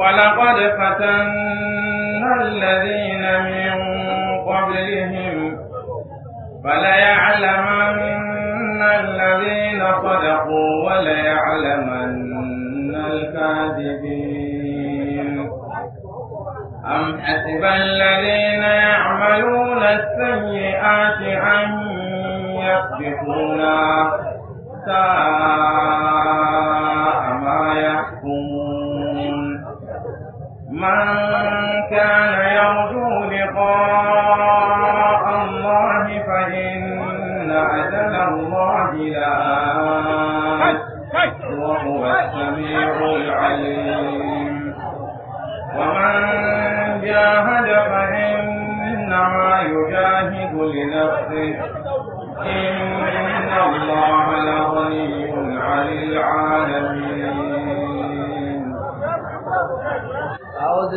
ولقد فتنا الذين من قبلهم فليعلمن الذين صدقوا وليعلمن الكاذبين أم حسب الذين يعملون السيئات أن يسبقونا من كان يرجو لقاء الله فإن الله وهو السميع العليم ومن جاهد فإنما يجاهد لنفسه إن الله لغني عن العالمين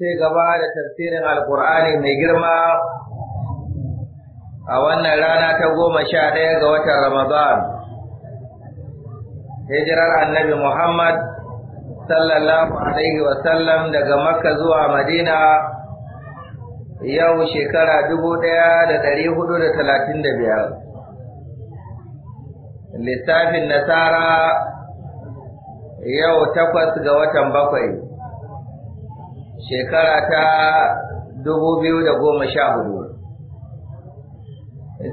sai gaba da tafsirin alkur'ani mai girma a wannan rana ta goma sha ɗaya ga watan ramadan hijirar annabi muhammad sallallahu alaihi wasallam daga makka zuwa madina yau shekara dubu ɗaya da ɗari hudu da talatin da biyar lissafin nasara yau takwas ga watan bakwai shekara ta dubu biyu da goma sha hudu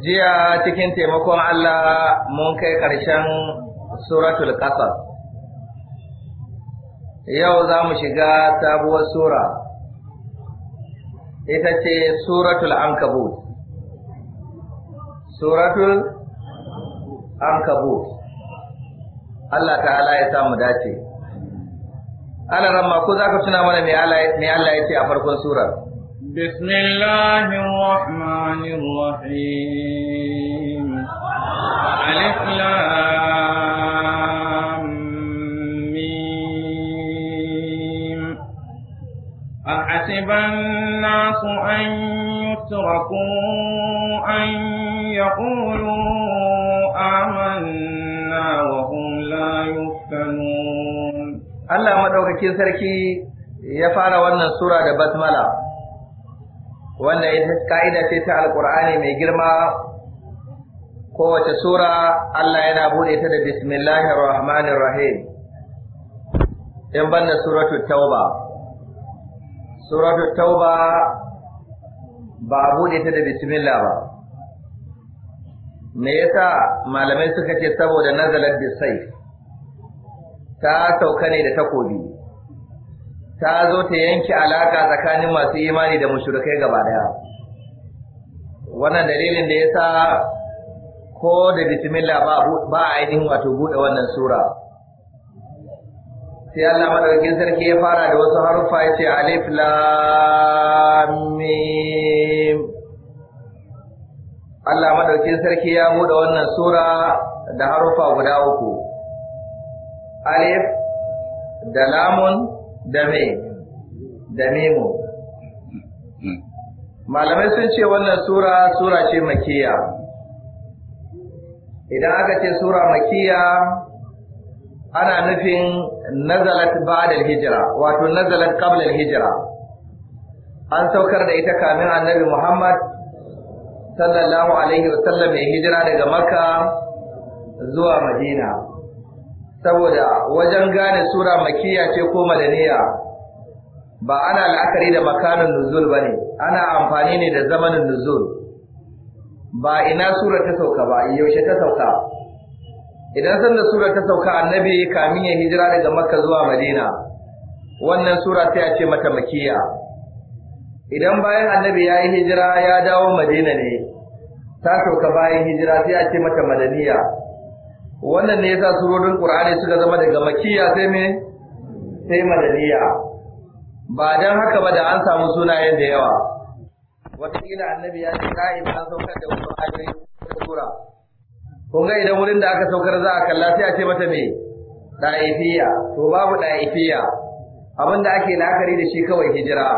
jiya cikin taimakon Allah mun kai ƙarshen suratul ƙasar yau za mu shiga sabuwar sura ita ce suratul ankabut suratul ankabut Allah ta'ala ya samu dace ala ramma ko zaka tuna mana me Allah yace a farkon sura bismillahir rahmanir rahim alif A mim ahasiba an-nas an yutraku an yaqulu amanna Allah madaukakin sarki ya fara wannan sura da basmala wanda ita ka'ida ce ta alqur'ani mai girma kowace sura Allah yana bude ta da bismillahir rahmanir rahim in banda suratul tauba suratul tauba ba a bude ta da bismillah ba me yasa malamai suka ce saboda nazalat bisayf ta sauka ne da takobi ta zo ta yanke alaka tsakanin masu imani da mushrikai gaba daya wannan dalilin da yasa ko da bismillah ba ba ainihin wato bude wannan sura sai Allah madaukakin sarki ya fara da wasu haruffa yace alif lam mim Allah madaukakin sarki ya bude wannan sura da haruffa guda uku alif da lamun da me da memo malamai sun ce wannan sura sura ce makiya idan aka ce sura makiya ana nufin nazalat ba'da hijra wato nazalat qabla hijra an saukar da ita kamin annabi Muhammad sallallahu alaihi wasallam ya hijira daga Makka zuwa Madina saboda wajen gane sura makiyya ce ko madaniya ba ana la'akari da makanin nuzul ba ne ana amfani ne da zamanin nuzul ba ina sura ta sauka ba yaushe ta sauka idan sanda sura ta sauka annabi kamin ya hijira daga makka zuwa madina wannan sura sai a ce mata makiyya idan bayan annabi ya yi hijira ya dawo madina ne ta sauka bayan hijira sai a ce mata madaniya wannan ne yasa surorin Qur'ani suka zama daga makiyya sai me sai madaniya ba dan haka ba da an samu sunayen da yawa wataƙila annabi ya ce ba an ka da Qur'ani da sura kun ga idan wurin da aka saukar za a kalla sai a ce mata me da'ifiya to babu da'ifiya abin da ake la'akari da shi kawai hijira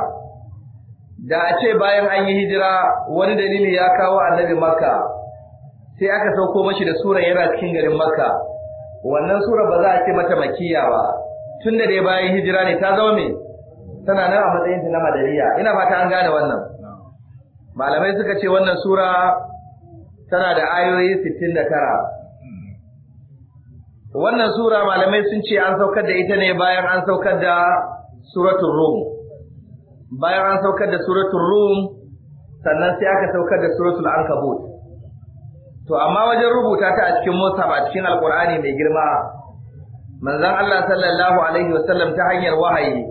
da a ce bayan an yi hijira wani dalili ya kawo annabi makka sai aka sauko mashi da sura yana cikin garin makka wannan sura ba za a ce mata makiya ba tun da dai bayan hijira ne ta zama me tana nan a matsayin ta na madariya ina fata an gane wannan malamai suka ce wannan sura tana da ayoyi 69 wannan sura malamai sun ce an saukar da ita ne bayan an saukar da suratul rum bayan an saukar da suratul rum sannan sai aka saukar da suratul ankabut to amma wajen rubuta ta a cikin Musa a cikin alqur'ani mai girma manzon Allah sallallahu alaihi wasallam ta hanyar wahayi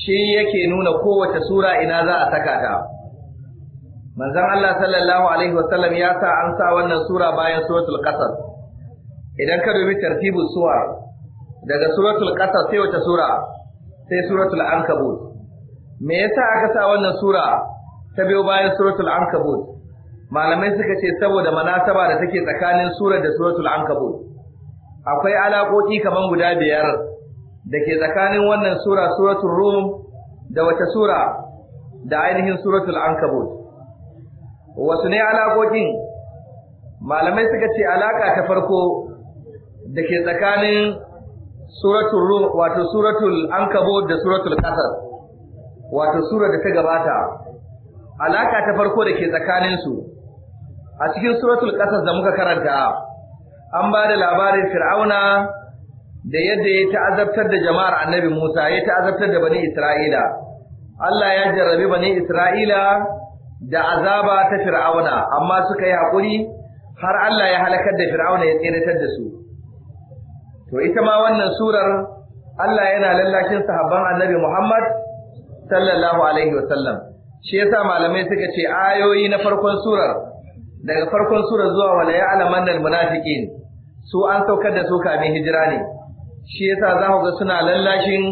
shi yake nuna kowace sura ina za a saka ta manzon Allah sallallahu alaihi wasallam ya sa an sa wannan sura bayan suratul qasas idan ka dubi tartibus suwa, daga suratul qasas sai wata sura sai suratul ankabut me yasa aka sa wannan sura ta biyo bayan suratul ankabut malamai suka ce saboda manasaba da take tsakanin surar da suratul ankabut akwai alaƙoƙi kaman guda biyar da ke tsakanin wannan sura suratul rum da wata sura da ainihin suratul ankabut wasu ne alaƙoƙin malamai suka ce alaƙa ta farko da ke tsakanin suratul rum wato suratul ankabut da suratul qasas wato sura da ta gabata alaka ta farko da ke tsakaninsu a cikin suratul qasas da muka karanta an ba da labarin fir'auna da yadda ya ta'azabtar da jama'ar annabi Musa ya ta'azabtar da bani Isra'ila Allah ya jarrabi bani Isra'ila da azaba ta fir'auna amma suka yi hakuri har Allah ya halakar da fir'auna ya tsiratar da su to ita ma wannan surar Allah yana lallashin sahabban annabi Muhammad sallallahu alaihi wasallam shi yasa malamai suka ce ayoyi na farkon surar daga farkon sura zuwa wala ya'lamanna munafikin, su an saukar da su kamin hijira ne shi yasa za ku ga suna lallashin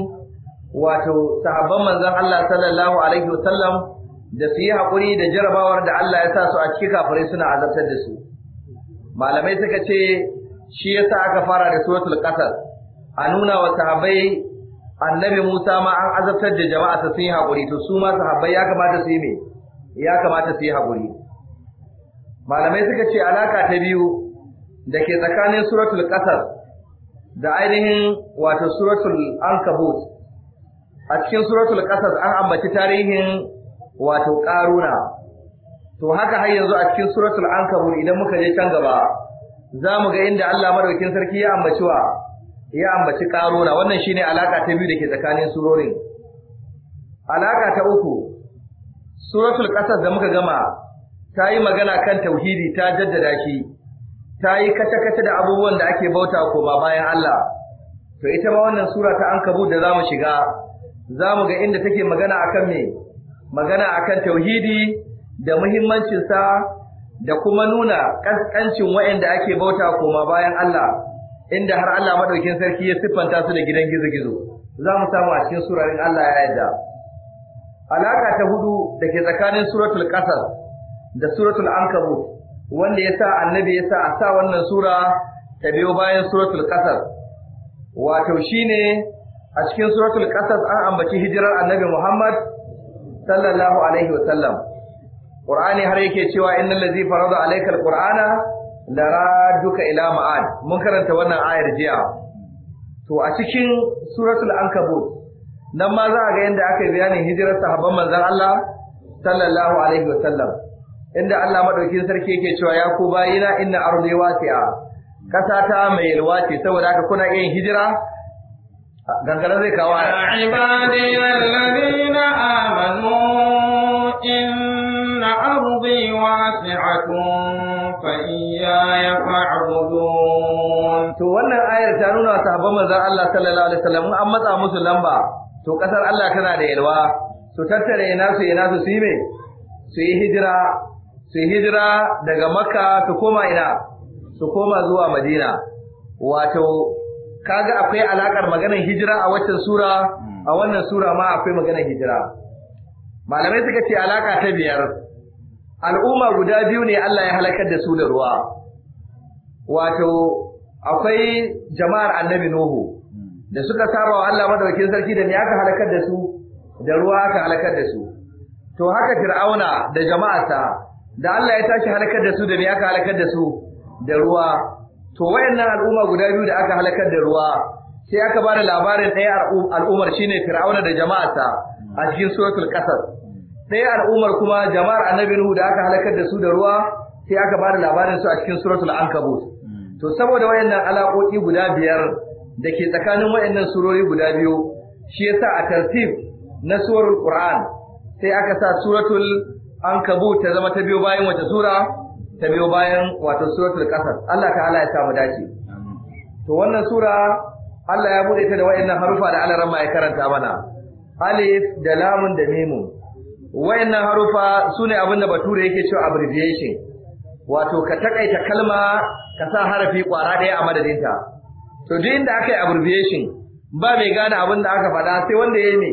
wato sahabban manzon Allah sallallahu alaihi wasallam da su yi hakuri da jarabawar da Allah ya sa su a cikin kafirai suna azabtar da su malamai suka ce shi yasa aka fara da suratul qasas a nuna wa sahabbai annabi Musa ma an azabtar da jama'a sun yi hakuri to su ma sahabbai ya kamata su yi me ya kamata su yi hakuri malamai suka ce alaka ta biyu da ke tsakanin suratul qasas da ainihin wato suratul ankabut a cikin suratul qasas an ambaci tarihin wato karuna to haka har yanzu a cikin suratul ankabut idan muka je can gaba za mu ga inda Allah madaukakin sarki ya ambaci wa ya ambaci karuna wannan shine alaka ta biyu da ke tsakanin surorin alaka ta uku suratul qasas da muka gama ta yi magana kan tauhidi ta jaddada shi ta yi kace-kace da abubuwan da ake bauta koma bayan Allah to ita ma wannan sura ta ankabut da zamu shiga zamu ga inda take magana akan me magana akan tauhidi da muhimmancin sa da kuma nuna kaskancin waɗanda ake bauta koma bayan Allah inda har Allah madaukin sarki ya siffanta su da gidan gizo-gizo zamu samu a cikin surarin Allah ya yarda alaka ta hudu da ke tsakanin suratul qasas da suratul ankabut wanda ya sa annabi ya sa a sa wannan sura ta biyo bayan suratul qasas wato shine a cikin suratul qasas an ambaci hijirar annabi Muhammad sallallahu alaihi wa sallam Qur'ani har yake cewa innal ladzi farada alayka alqur'ana laraduka ila ma'ad mun karanta wannan ayar jiya to a cikin suratul ankabut nan ma za a ga yadda aka yi bayanin hijirar sahabban manzon Allah sallallahu alaihi wa sallam inda Allah madaukakin sarki yake cewa ya ku bayina inna ardi wasi'a kasa ta mai yalwa ce saboda haka kuna iya hijira gangara zai kawo ya ibadi alladhina amanu inna ardi wasi'atun fa iyaya fa'budun to wannan ayar ta nuna sahabban manzon Allah sallallahu alaihi wasallam an matsa musu lamba to kasar Allah tana da yalwa su tattare ina su ina su su yi me su yi hijira su hijira daga makka su koma ina su koma zuwa madina wato kaga akwai alakar maganar hijira a waccan sura a wannan sura ma akwai maganar hijira malamai suka ce alaka ta biyar al'umma guda biyu ne Allah ya halakar da su da ruwa wato akwai jama'ar annabi Nuhu da suka saba wa Allah madaukakin sarki da ne aka halakar da su da ruwa aka halakar da su to haka fir'auna da jama'arsa da Allah ya tashi halakar da su da me aka halakar da su da ruwa to wayannan al'umma guda biyu da aka halakar da ruwa sai aka bada labarin ɗaya al'ummar shine Fir'auna da jama'arsa a cikin suratul Qasas ɗaya al'ummar kuma jama'ar Annabi Nuhu da aka halakar da su da ruwa sai aka bada labarin su a cikin suratul Ankabut hmm. to saboda wayannan alaƙoƙi guda biyar da ke tsakanin wayannan surori guda biyu shi yasa a tartib na surul Qur'an sai aka sa suratul an kabu ta zama ta biyo bayan wata sura ta biyo bayan wato suratul qasas Allah ta'ala ya samu dace to wannan sura Allah ya bude ta da wayannan harufa da Allah ramma ya karanta mana alif da lamun da mim wayannan harufa sune abin da bature yake cewa abbreviation wato ka takaita kalma ka sa harafi kwara daya a madadinta to duk inda aka yi abbreviation ba mai gane abin da aka faɗa sai wanda ya ne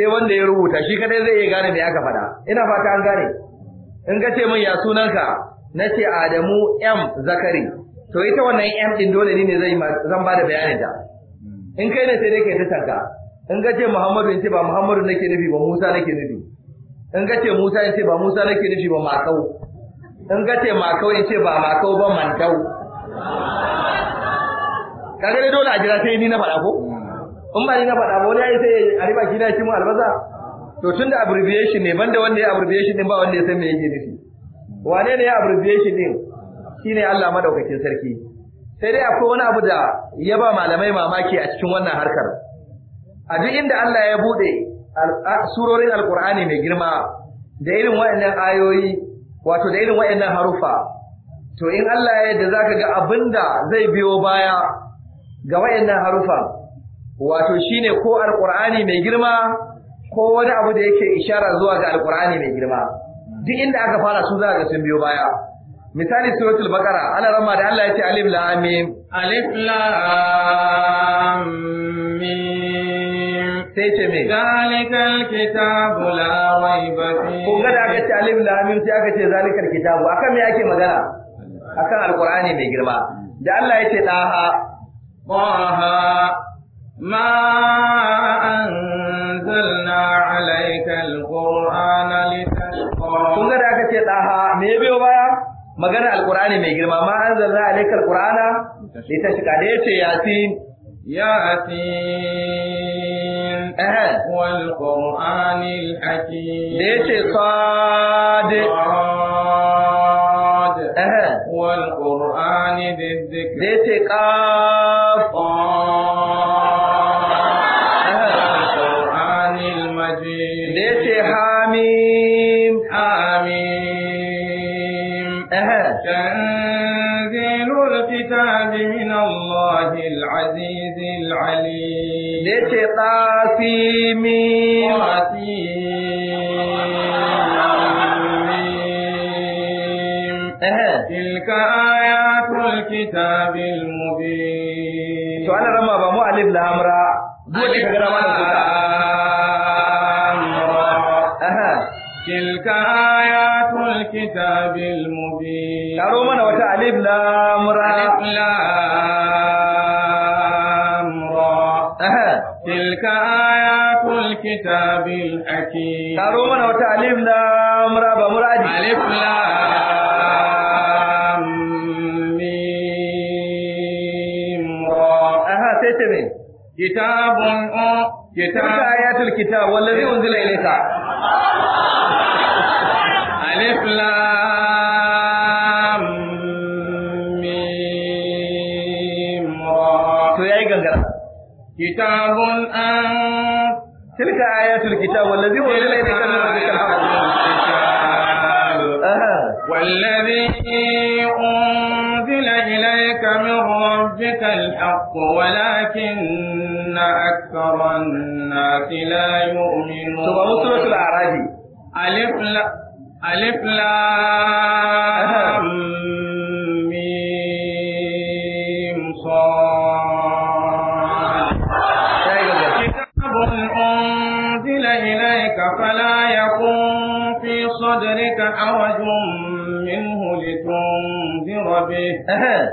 sai wanda ya rubuta shi kadai zai iya gane me aka faɗa ina fata an gane in ka ce min ya sunanka na ce Adamu M Zakari to ita wannan M din dole ne zai zan bada bayanin ta in kai ne sai dai kai ta in ka ce Muhammadu in ce ba Muhammadu nake nufi ba Musa nake nufi in ka ce Musa in ce ba Musa nake nufi ba Makau in ka ce Makau in ce ba Makau ba Mantau kaga dole a jira sai ni na faɗa ko in ba ni na faɗa ba wani ya yi sai a riba kina na shi mu albasa to tunda abbreviation ne banda wanda ya abbreviation din ba wanda ya san me yake nufi wane ne ya abbreviation din shine Allah madaukakin sarki sai dai akwai wani abu da ya ba malamai mamaki a cikin wannan harkar a duk inda Allah ya bude surorin alqur'ani mai girma da irin waɗannan ayoyi wato da irin waɗannan harufa to in Allah ya yarda zaka ga da zai biyo baya ga waɗannan harufa wato shine ko alqur'ani mai girma ko wani abu da yake ishara zuwa ga alkur'ani mai girma duk inda aka fara su za ga sun biyo baya misali suratul baqara ana rama da Allah yace alif lam mim alif lam mim sai ce me zalikal kitabu la raiba fihi ga da aka ce alif lam mim sai aka ce zalikal kitabu akan me yake magana akan Alkur'ani mai girma da Allah yace daha ha ma an أنزلنا عليك القرآن لتشقى kun ga da aka ce ɗaha me ya baya magana alƙur'ani mai girma ma an zanna alaikar ƙur'ana da ta shiga yasin صاد wal qur'ani da ya ce العليم ليتي تلك آيات الكتاب المبين سؤال رمى بمو ألف لامرا ألف لامرا تلك آيات الكتاب المبين ترى من وتا ألف لامرا ألف لامرا الكتاب الحكيم قالوا من وتا الف لام را الف لام ميم اها سيتمين كتاب كتاب آيات الكتاب والذي أنزل إليك ألف لام كتاب أن آيات الكتاب والذي هو أنزل إليك من ربك الحق آه. والذي أنزل إليك من ربك الحق ولكن أكثر الناس لا يؤمنون سورة الأعراج ألف لا ألف لا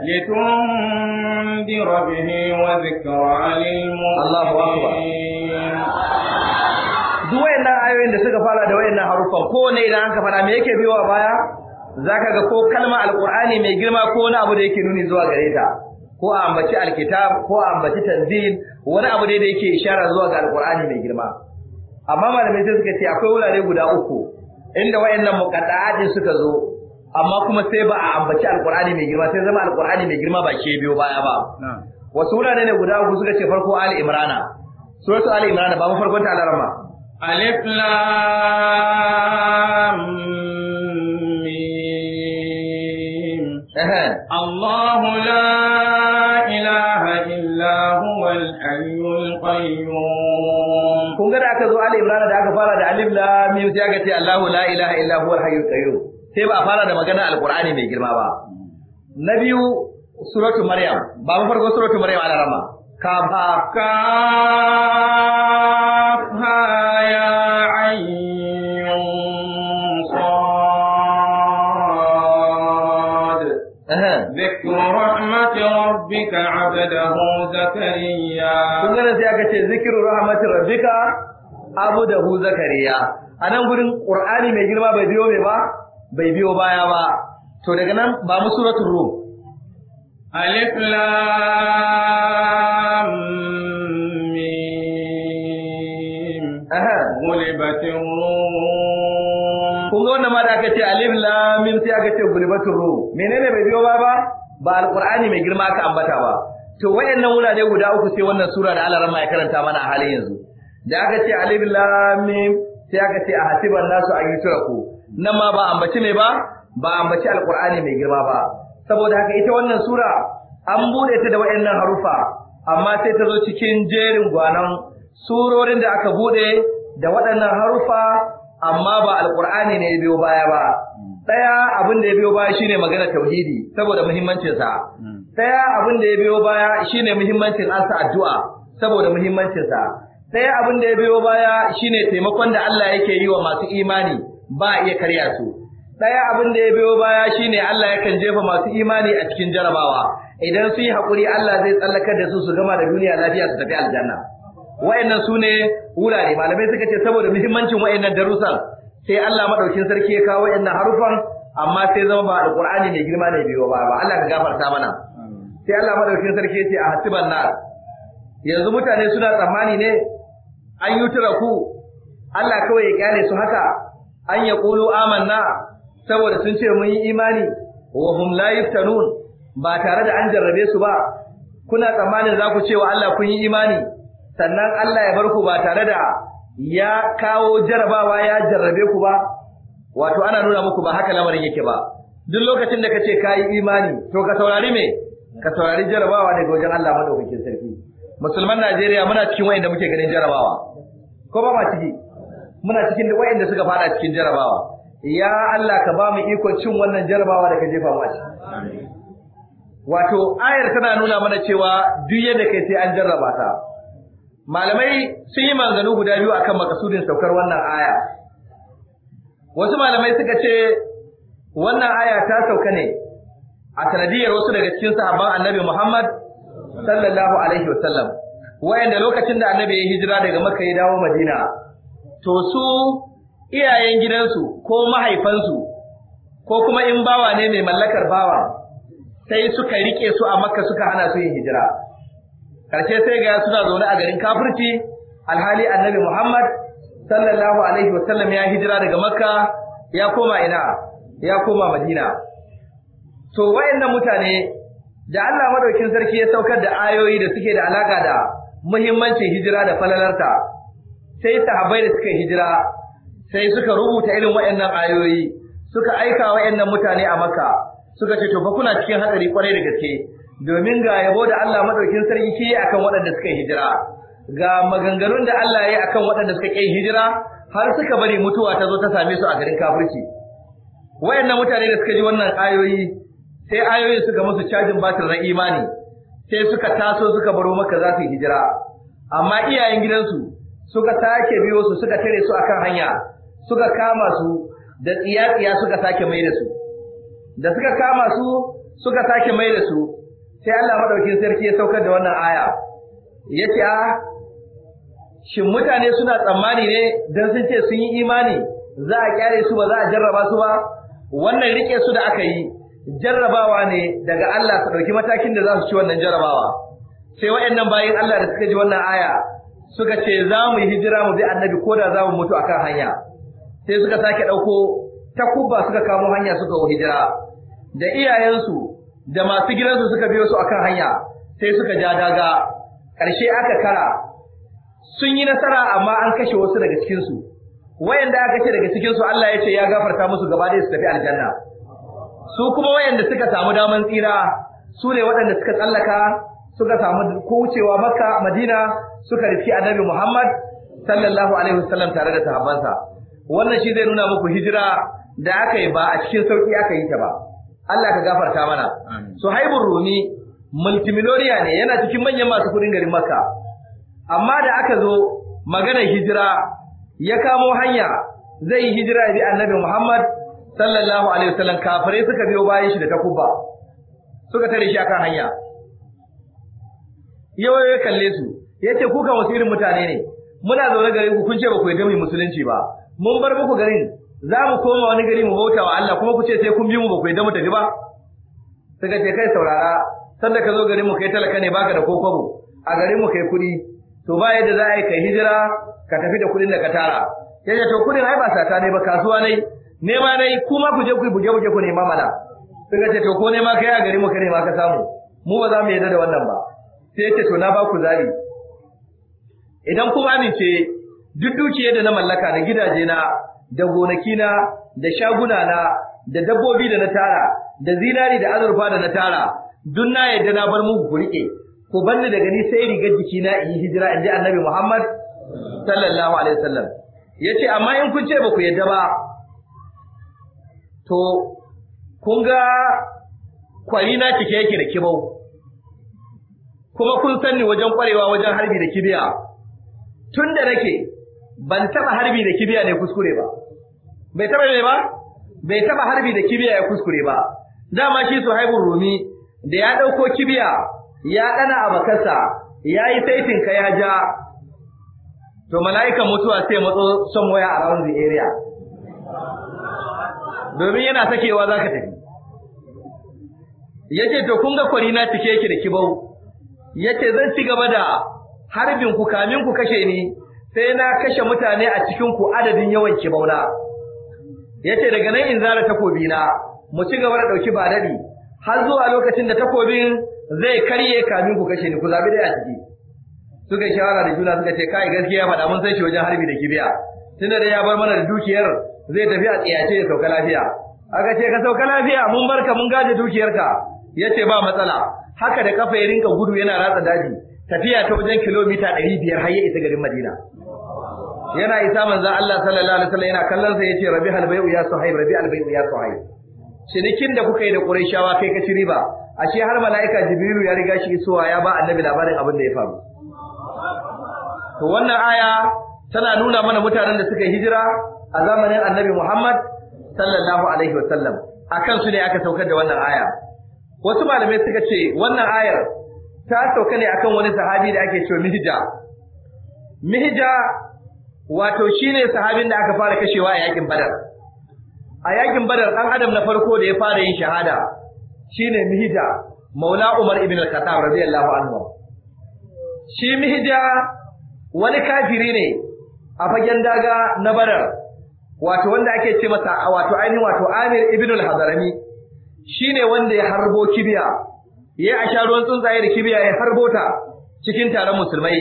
لتنذر به وذكرى للمؤمنين duk wayannan ayoyin da suka fara da wayannan harufan ko ne idan an ka fara me yake biyo a baya zaka ga ko kalma alqur'ani mai girma ko wani abu da yake nuni zuwa gare ta ko a ambaci alkitab ko a ambaci tanzil wani abu da yake ishara zuwa ga alqur'ani mai girma amma malamai sai suka ce akwai wurare guda uku inda wayannan muqadda'atin suka zo amma kuma sai ba a ambaci alqur'ani mai girma sai zama alqur'ani mai girma ba ke biyo baya ba wasu sura ne guda uku suka ce farko ali imrana suratu ali imrana ba mu farkon ta alarma alif lam mim allah la ilaha illa huwa al-hayyul qayyum kun ga da aka zo ali imrana da aka fara da alif lam mim sai aka ce allah la ilaha illa huwa al-hayyul qayyum sai ba a fara da magana alkur'ani mai girma ba na biyu suratu maryam ba mu farko suratu maryam ala rama ka fa ka ha ya ayyun sad ذكر رحمة ربك عبده زكريا كنا نسي أكتش ذكر رحمة ربك عبده زكريا أنا أقول القرآن ما يجرم ba bai biyo baya ba to daga nan ba mu suratul rum alif lam mim aha gulibatin rum kun ga wannan ma da aka ce alif lam mim sai aka ce gulibatin rum menene bai biyo baya ba ba alqur'ani mai girma aka ambata ba to wayannan wurare guda uku sai wannan sura da Allah ya karanta mana a halin yanzu da aka ce alif lam mim sai aka ce a hasiban nasu ayyuturaku nan ma ba ambaci mai ba ba ambaci alqur'ani mai girma ba saboda haka ita wannan sura an buɗe ta da wayannan harufa amma sai ta zo cikin jerin gwanan surorin da aka buɗe da waɗannan harufa amma ba alqur'ani ne biyo baya ba daya abin da ya biyo baya shine magana tauhidi saboda muhimmancin sa daya abin da ya biyo baya shine muhimmancin ansa addu'a saboda muhimmancin sa abin da ya biyo baya shine taimakon da Allah yake yi wa masu imani ba a iya karya su Ɗaya abin da ya biyo baya shine Allah yakan jefa masu imani a cikin jarabawa idan su yi haƙuri, Allah zai tsallakar da su su gama da duniya lafiya su tafi aljanna su ne wurare malamai suka ce saboda muhimmancin wayannan darussan sai Allah maɗaukin sarki ya kawo wayannan harufan amma sai zama ba ƙurani mai girma ne biyo ba ba Allah ka gafarta mana sai Allah maɗaukin sarki ya ce a hasiban na, yanzu mutane suna tsammani ne an yi ku Allah kawai ya kyale su haka an ya kulu amanna saboda sun ce mun yi imani wa hum la yaftanun ba tare da an jarrabe su ba kuna tsammanin za ku ce wa Allah kun yi imani sannan Allah ya bar ku ba tare da ya kawo jarabawa ya jarrabe ku ba wato ana nuna muku ba haka lamarin yake ba duk lokacin da kace kayi imani to ka saurari me ka saurari jarabawa daga wajen Allah madaukakin sarki musulman Najeriya muna cikin wayanda muke ganin jarabawa ko ba ma ciki muna cikin wayanda suka fada cikin jarabawa ya Allah ka ba mu ikon cin wannan jarabawa da ka jefa mu ciki wato ayar tana nuna mana cewa duk yadda kai sai an jarraba ta malamai sun yi manzanu guda biyu akan makasudin saukar wannan aya wasu malamai suka ce wannan aya ta sauka ne a sanadiyar wasu daga cikin sahabban annabi Muhammad sallallahu alaihi wasallam wayanda lokacin da annabi ya hijira daga Makka ya dawo Madina to su iyayen gidansu ko mahaifansu ko kuma in bawa ne mai mallakar bawa sai suka rike su a makka suka hana su yin hijira karshe sai ga suna zaune a garin kafirci alhali annabi Muhammad sallallahu alaihi wasallam ya hijira daga makka ya koma ina ya koma madina to wayannan mutane da Allah madaukin sarki ya saukar da ayoyi da suke da alaka da muhimmancin hijira da falalarta sai sahabbai da suka hijira sai suka rubuta irin waɗannan ayoyi suka aika waɗannan mutane a Makka suka ce to fa kuna cikin hatsari kwarai da gaske domin ga yabo da Allah madaukin sarki ke akan waɗanda suka hijira ga maganganun da Allah ya yi akan waɗanda suka kai hijira har suka bari mutuwa ta zo ta same su a garin kafirci Wa'annan mutane da suka ji wannan ayoyi sai ayoyin suka musu cajin batir na imani sai suka taso suka baro maka za su hijira amma iyayen gidansu suka sake biyo su suka tare su akan hanya suka kama su da tsiyatsiya suka sake mai da su da suka kama su suka sake mai da su sai Allah madaukin sarki ya saukar da wannan aya yace a ah, shin mutane suna tsammani ne dan sun ce sun yi imani za a kyare su ba za a jarraba su ba wannan rike su da aka yi jarrabawa ne daga Allah su dauki matakin da za su ci wannan jarrabawa sai waɗannan bayin Allah da suka ji wannan aya suka ce za mu yi hijira mu bi annabi ko da za mu mutu akan hanya sai suka sake ɗauko takuba suka kamo hanya suka yi hijira da iyayensu da masu gidansu suka biyo su akan hanya sai suka ja daga ƙarshe aka kara sun yi nasara amma an kashe wasu daga cikinsu wayanda aka ce daga cikinsu Allah ya ce ya gafarta musu gaba ɗaya su tafi aljanna su kuma wayanda suka samu daman tsira su ne waɗanda suka tsallaka suka samu ko wucewa Makka Madina suka riski Annabi Muhammad sallallahu alaihi wasallam tare da sahabbansa wannan shi zai nuna muku hijira da aka yi ba a cikin sauki aka yi ta ba Allah ka gafarta mana Suhaibur Rumi multimiloniya ne yana cikin manyan masu kudin garin Makka amma da aka zo maganar hijira ya kamo hanya zai yi hijira bi Annabi Muhammad sallallahu alaihi wasallam kafirai suka biyo bayan shi da takubba suka tare shi akan hanya yawai ya kalle su yace ku kan wasu irin mutane ne muna zaune garin ku kun ce ba ku yarda mu musulunci ba mun bar muku garin za mu koma wani gari mu bauta wa Allah kuma ku ce sai kun bi mu ba ku yarda mu tafi ba suka ce kai saurara sanda ka zo garin mu kai talaka ne baka da kokobo a garin mu kai kuɗi to ba yadda za a yi kai hijira ka tafi da kuɗin da ka tara yace to kuɗin ai ba sata ne ba kasuwa ne nema ne kuma ku je ku buge buge ku nema mana suka ce to ko nema kai a garin mu ne nema ka samu mu ba za mu yarda da wannan ba sai yake ce to na ba ku zabi idan ku amince duk dukiyar da na mallaka da gidaje na da gonaki na da shaguna na da dabbobi da na tara da zinari da azurfa da na tara duk na yadda na bar muku ku ku banni daga ni sai rigar jiki na in yi hijira in ji annabi Muhammad sallallahu alaihi wasallam yace amma in kun ce ba ku yadda ba to kun ga kwari na cike yake da kibau kuma kun san ni wajen kwarewa wajen harbi da kibiya tun da nake ban taba harbi da kibiya ne kuskure ba bai taba ne ba bai taba harbi da kibiya ya kuskure ba dama shi Suhaibun Rumi da ya ɗauko kibiya ya dana a bakarsa yayi taitin ka ya ja to mala'ikan mutuwa sai matso a round the area domin yana sakewa zaka tafi yace to kun ga kwari na cike yake da kibau yace zan ci gaba da harbin ku kamin ku kashe ni sai na kashe mutane a cikin ku adadin yawan bauna yace daga nan in zara takobi na mu ci gaba da dauki ba dadi har zuwa lokacin da takobin zai karye kamin ku kashe ni ku zabi dai a ciki suka yi shawara da juna suka ce kai gaskiya faɗa mun san shi wajen harbi da kibiya tunda da ya bar mana da dukiyar zai tafi a tsiyace ya sauka lafiya aka ce ka sauka lafiya mun barka mun gaje dukiyarka yace ba matsala haka da kafa ya rinka gudu yana ratsa daji tafiya ta wajen kilomita ɗari biyar har ya isa garin Madina yana isa manzon Allah sallallahu alaihi wasallam yana kallon sa yace rabi Albayu ya suhaib rabi albayu ya suhaib cinikin da kuka yi da Qurayshawa kai ka ci riba ashe har malaika Jibrilu ya riga shi isowa ya ba annabi labarin abin da ya faru to wannan aya tana nuna mana mutanen da suka hijira a zamanin annabi Muhammad sallallahu alaihi wasallam akan su ne aka saukar da wannan aya wasu malamai suka ce wannan ayar ta sauka ne akan wani sahabi da ake cewa mihja mihja wato shine sahabin da aka fara kashewa a yakin badar a yakin badar dan adam na farko da ya fara yin shahada shine mihja maula umar ibn al-khattab radiyallahu anhu shi mihja wani kafiri ne a fagen daga na badar wato wanda ake ce masa wato ainihin wato amir ibn al-hadrami Shi ne wanda ya harbo kibiya ya a sha ruwan tsuntsaye da kibiya ya harbo ta cikin taron musulmai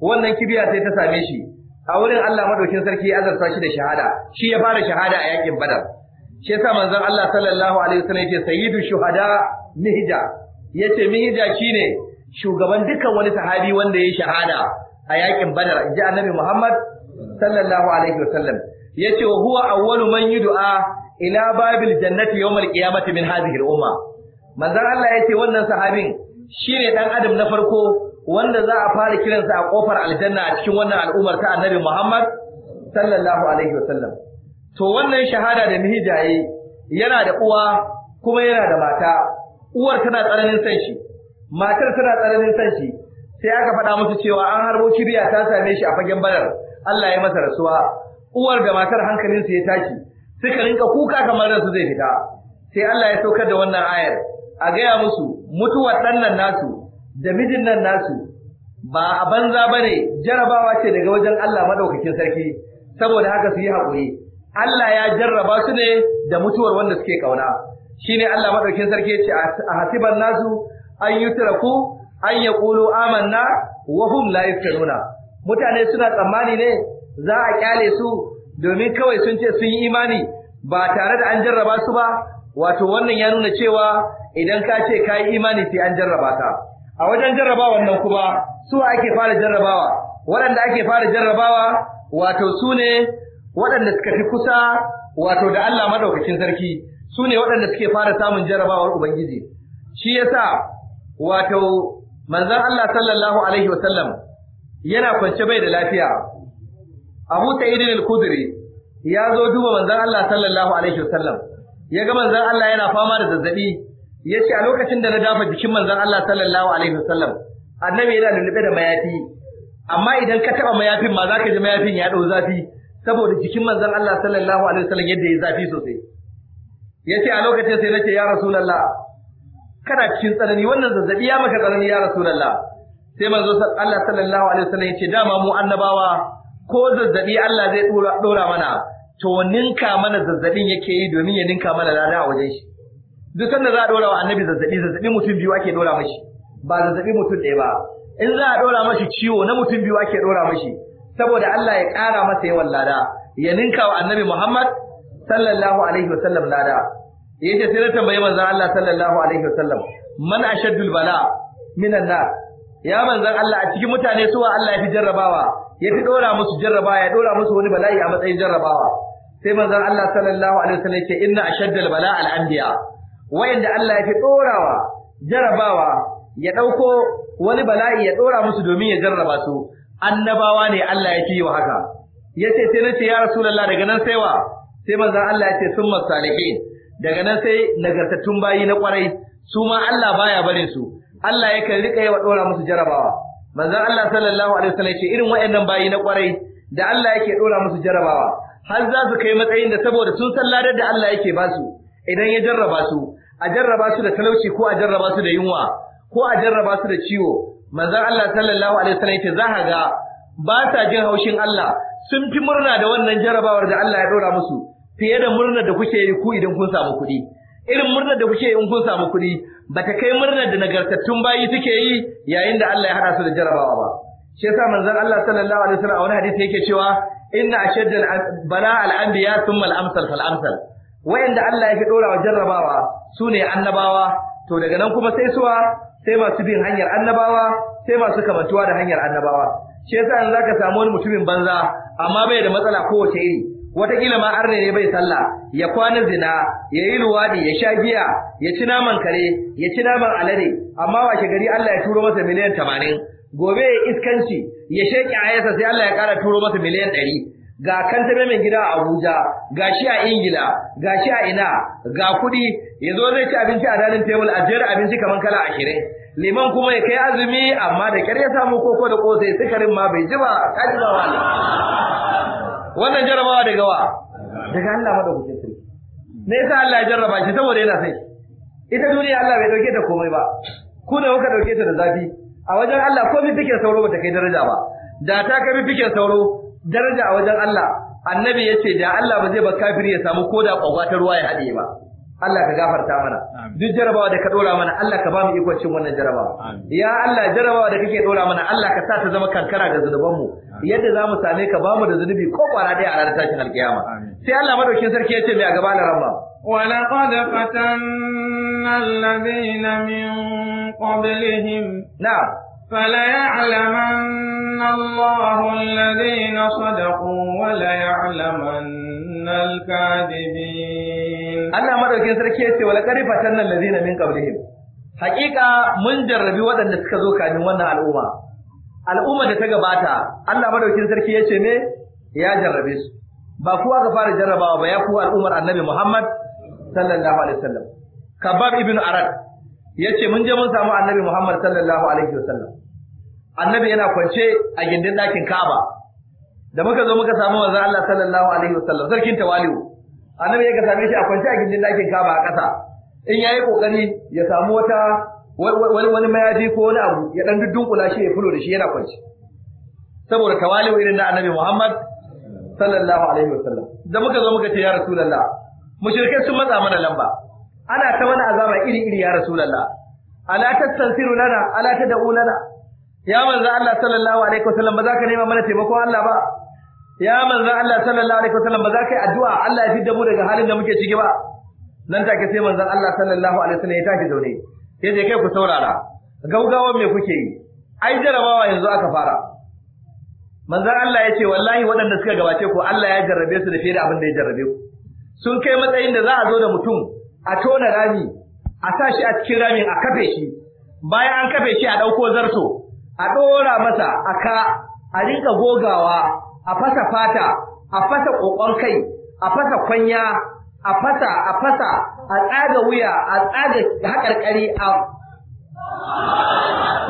wannan kibiya sai ta same shi a wurin Allah madaukin sarki ya azarta shi da shahada shi ya fara shahada a yakin badar shi yasa manzon Allah sallallahu alaihi wasallam yace sayyidu shuhada mihija. yace mihja shine shugaban dukkan wani sahabi wanda ya shahada a yakin badar inji annabi Muhammad sallallahu alaihi wasallam yace huwa awwalu man yud'a ila babil jannati yawmal qiyamati min hadhihi al-umma manzon Allah yace wannan sahabin shine dan adam na farko wanda za a fara kiransa a kofar aljanna a cikin wannan al'ummar ta annabi Muhammad sallallahu alaihi wasallam to wannan shahada da mihijaye yana da uwa kuma yana da mata uwar tana tsananin san shi matar tana tsananin san shi sai aka faɗa musu cewa an harbo kibiya ta same shi a fagen badar Allah ya masa rasuwa uwar da matar hankalinsa ya tashi suka rinka kuka kamar da su zai fita sai Allah ya saukar da wannan ayar a gaya musu mutuwar ɗan nasu da mijin nan nasu ba a banza ne, jarabawa ce daga wajen Allah madaukakin sarki saboda haka su yi haƙuri Allah ya jarraba su ne da mutuwar wanda suke kauna shine Allah madaukakin sarki ya ce a hasiban nasu an yutraku an kulu amanna wa hum la mutane suna tsammani ne za a kyale su domin kawai sun ce sun yi imani ba tare da an jarraba su ba wato wannan ya nuna cewa idan ka ce ka yi imani sai an jarraba ka a wajen jarrabawar nan kuma su ake fara jarrabawa waɗanda ake fara jarrabawa wato su ne waɗanda suka fi kusa wato da Allah madaukakin sarki su ne waɗanda suke fara samun jarrabawar ubangiji shi yasa wato manzon Allah sallallahu alaihi wasallam yana kwance bai da lafiya Abu Sa'id al-Khudri ya zo duba manzon Allah sallallahu alaihi wasallam ya ga manzon Allah yana fama da zazzabi ce a lokacin da na dafa jikin manzon Allah sallallahu alaihi wasallam annabi yana lullube da mayafi amma idan ka taba mayafin ma zaka ji mayafin ya dau zafi saboda jikin manzon Allah sallallahu alaihi wasallam yadda ya zafi sosai Ya ce a lokacin sai nace ya rasulullah kana cikin tsanani wannan zazzabi ya maka tsanani ya rasulullah sai manzon Allah sallallahu alaihi wasallam yace dama mu annabawa ko zazzabi Allah zai ɗora mana to ninka mana zazzabin yake yi domin ya ninka mana lada a wajen shi duk sanda za a ɗora wa annabi zazzabi zazzabi mutum biyu ake ɗora mashi ba zazzabi mutum ɗaya ba in za a ɗora mashi ciwo na mutum biyu ake ɗora mashi saboda Allah ya ƙara masa yawan lada ya ninka wa annabi Muhammad sallallahu alaihi wasallam lada Ya ce sai na tambayi manzon Allah sallallahu alaihi wasallam man ashaddul bala minan nar ya manzon Allah a cikin mutane suwa Allah ya fi jarrabawa ya fi dora musu jarraba ya dora musu wani bala'i a matsayin jarrabawa sai manzon Allah sallallahu alaihi wasallam yake inna ashaddal bala al anbiya wayanda Allah ya fi dorawa jarrabawa ya dauko wani bala'i ya dora musu domin ya jarraba su annabawa ne Allah ya yi wa haka yace sai nace ya rasulullah daga nan sai wa sai manzon Allah ya ce summa salihin daga nan sai nagartattun bayi na kwarai su ma Allah baya barin su Allah yakan rika yawa dora musu jarrabawa manzon Allah sallallahu alaihi wasallam ce irin waɗannan bayi na kwarai da Allah yake dora musu jarabawa har za su kai matsayin da saboda sun san ladar da Allah yake ba su idan ya jarraba su a jarraba su da talauci ko a jarraba su da yunwa ko a jarraba su da ciwo manzon Allah sallallahu alaihi wasallam ce za ka ga ba sa jin haushin Allah sun fi murna da wannan jarrabawar da Allah ya dora musu fiye da murnar da kuke yi ku idan kun samu kuɗi irin murnar da kuke yi in kun samu kuɗi bata kai murnar da nagartattun bayi suke yi yayin da Allah ya hada su da jarabawa ba shi yasa manzon Allah sallallahu alaihi wasallam a wani hadisi yake cewa inna ashadda bala al anbiya thumma al amsal fal amsal wayanda Allah yake dora wa jarrabawa su ne annabawa to daga nan kuma sai suwa sai masu bin hanyar annabawa sai masu kamantuwa da hanyar annabawa shi yasa za zaka samu wani mutumin banza amma bai da matsala kowace iri wataƙila ma arne ne bai sallah ya kwana zina ya yi luwaɗi ya sha giya ya ci naman kare ya ci naman alade amma washe gari Allah ya turo masa miliyan tamanin gobe ya iskanci ya sheƙi ayasa sai Allah ya ƙara turo masa miliyan ɗari ga kanta mai gida a Abuja ga shi a Ingila ga shi a ina ga kuɗi ya zo zai ci abinci a dalin tebul a jera abinci kamar kala ashirin liman kuma ya kai azumi amma da kyar ya samu koko da kosai sukarin ma bai ji ba kaji ba wannan jarabawa daga wa daga Allah madaukakin sarki me yasa Allah ya jarraba shi saboda yana sai ita duniya Allah bai dauke ta komai ba ku da kuka dauke ta da zafi a wajen Allah ko fifikin sauro bata kai daraja ba da ta kai fifikin sauro daraja a wajen Allah annabi yace da Allah ba zai ba kafiri ya samu koda kwagwatar ruwa ya hade ba Allah ka gafarta mana duk jarabawa da ka dora mana Allah ka ba mu ikon cin wannan jarabawa ya Allah jarabawa da kake dora mana Allah ka sa ta zama kankara ga zunuban mu yadda za mu same ka ba mu da zunubi ko kwara ɗaya a ranar tashin alkiyama sai Allah madaukin sarki ya ce mai a gaba na rabba ولقد فتنا الذين من قبلهم نعم فليعلمن الله الذين صدقوا وليعلمن الكاذبين Allah madaukin sarki ya ce wala qad allazina min qablihim haqiqa mun jarrabi waɗanda suka zo kafin wannan al'umma al'umma da ta gabata Allah madaukin sarki ya ce ya jarrabe su ba kuwa ga fara jarrabawa ba ya kuwa al'ummar annabi Muhammad sallallahu alaihi wasallam kabab ibn arad yace mun je mun samu annabi Muhammad sallallahu alaihi wasallam annabi yana kwance a gindin dakin Ka'aba da muka zo muka samu manzon Allah sallallahu alaihi wasallam sarkin tawali'u annabi ya same shi a kwance a gindin dakin kaba a ƙasa in ya yi ƙoƙari ya samu wata wani mayafi ko wani abu ya ɗan duddun shi ya fulo da shi yana kwance saboda tawali'u irin na annabi Muhammad sallallahu alaihi wasallam da muka zo muka ce ya rasulallah. mushrikai sun matsa mana lamba ana ta mana azama iri iri ya rasulullah ala tastansiru lana ala tad'u lana ya manzo Allah sallallahu alaihi wasallam ba za ka nema mana taimako Allah ba ya manzo Allah sallallahu alaihi wasallam ba za ka yi addu'a Allah ya fidda mu daga halin da muke ciki ba nan take sai manzo Allah sallallahu alaihi wasallam ya tashi zaune sai dai kai ku saurara gaugawa me kuke yi ai jarabawa yanzu aka fara manzo Allah ya ce wallahi waɗanda suka gabace ku Allah ya jarrabe su da fiye da abin da ya jarrabe ku sun kai matsayin da za a zo da mutum a tona rami a sa shi a cikin ramin a kafe shi bayan an kafe shi a ɗauko zarto a ɗora masa a ka a rinka gogawa a fasa fata a fasa ƙoƙon kai a fasa kwanya a fasa a fasa a tsaga wuya a tsaga haƙarƙari a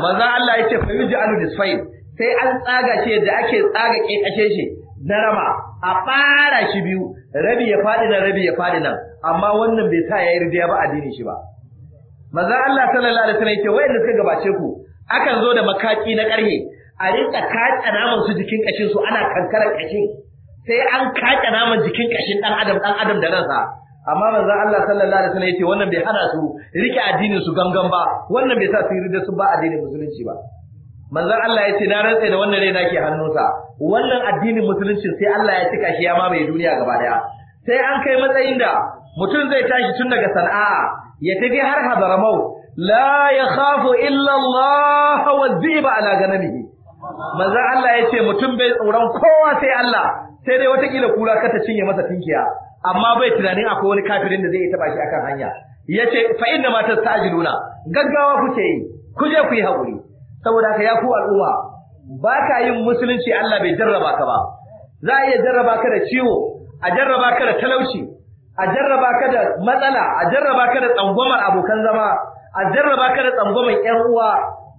Maza Allah ya yace fa yuj'alu disfain sai an tsaga shi da ake tsaga kekashe shi na rama a fara shi biyu rabi ya faɗi nan rabi ya faɗi nan amma wannan bai sa ya yi rijiya ba addini shi ba Maza Allah sallallahu alaihi wasallam yace wayanda suka gabace ku akan zo da makaki na ƙarhe. a rinka kaɗa naman su jikin ƙashin su ana kankarar ƙashin sai an kaɗa naman jikin ƙashin ɗan adam ɗan adam da sa. amma manzon Allah sallallahu alaihi wasallam yace wannan bai hana su rike addinin su gangan ba wannan bai sa su yi da su ba addinin musulunci ba manzon Allah yace na rantsa da wannan rai nake hannunsa wannan addinin musulunci sai Allah ya cika shi ya mamaye duniya gaba daya sai an kai matsayin da mutum zai tashi tun daga sana'a ya tafi har hadaramau la yakhafu illa Allah wa dhiba ala ganamihi manzon Allah ya ce mutum bai tsoron kowa sai Allah sai dai watakila kura ka ta cinye masa tinkiya amma bai tunanin akwai wani kafirin da zai taba shi akan hanya yace fa inna ma nuna. gaggawa kuke yi ku je ku yi hakuri saboda haka ya ku al'umma ba ka yin musulunci Allah bai jarraba ka ba za a iya jarraba ka da ciwo a jarraba ka da talauci a jarraba ka da matsala a jarraba ka da tsangwamar abokan zama a jarraba ka da tsangwamar ƴan uwa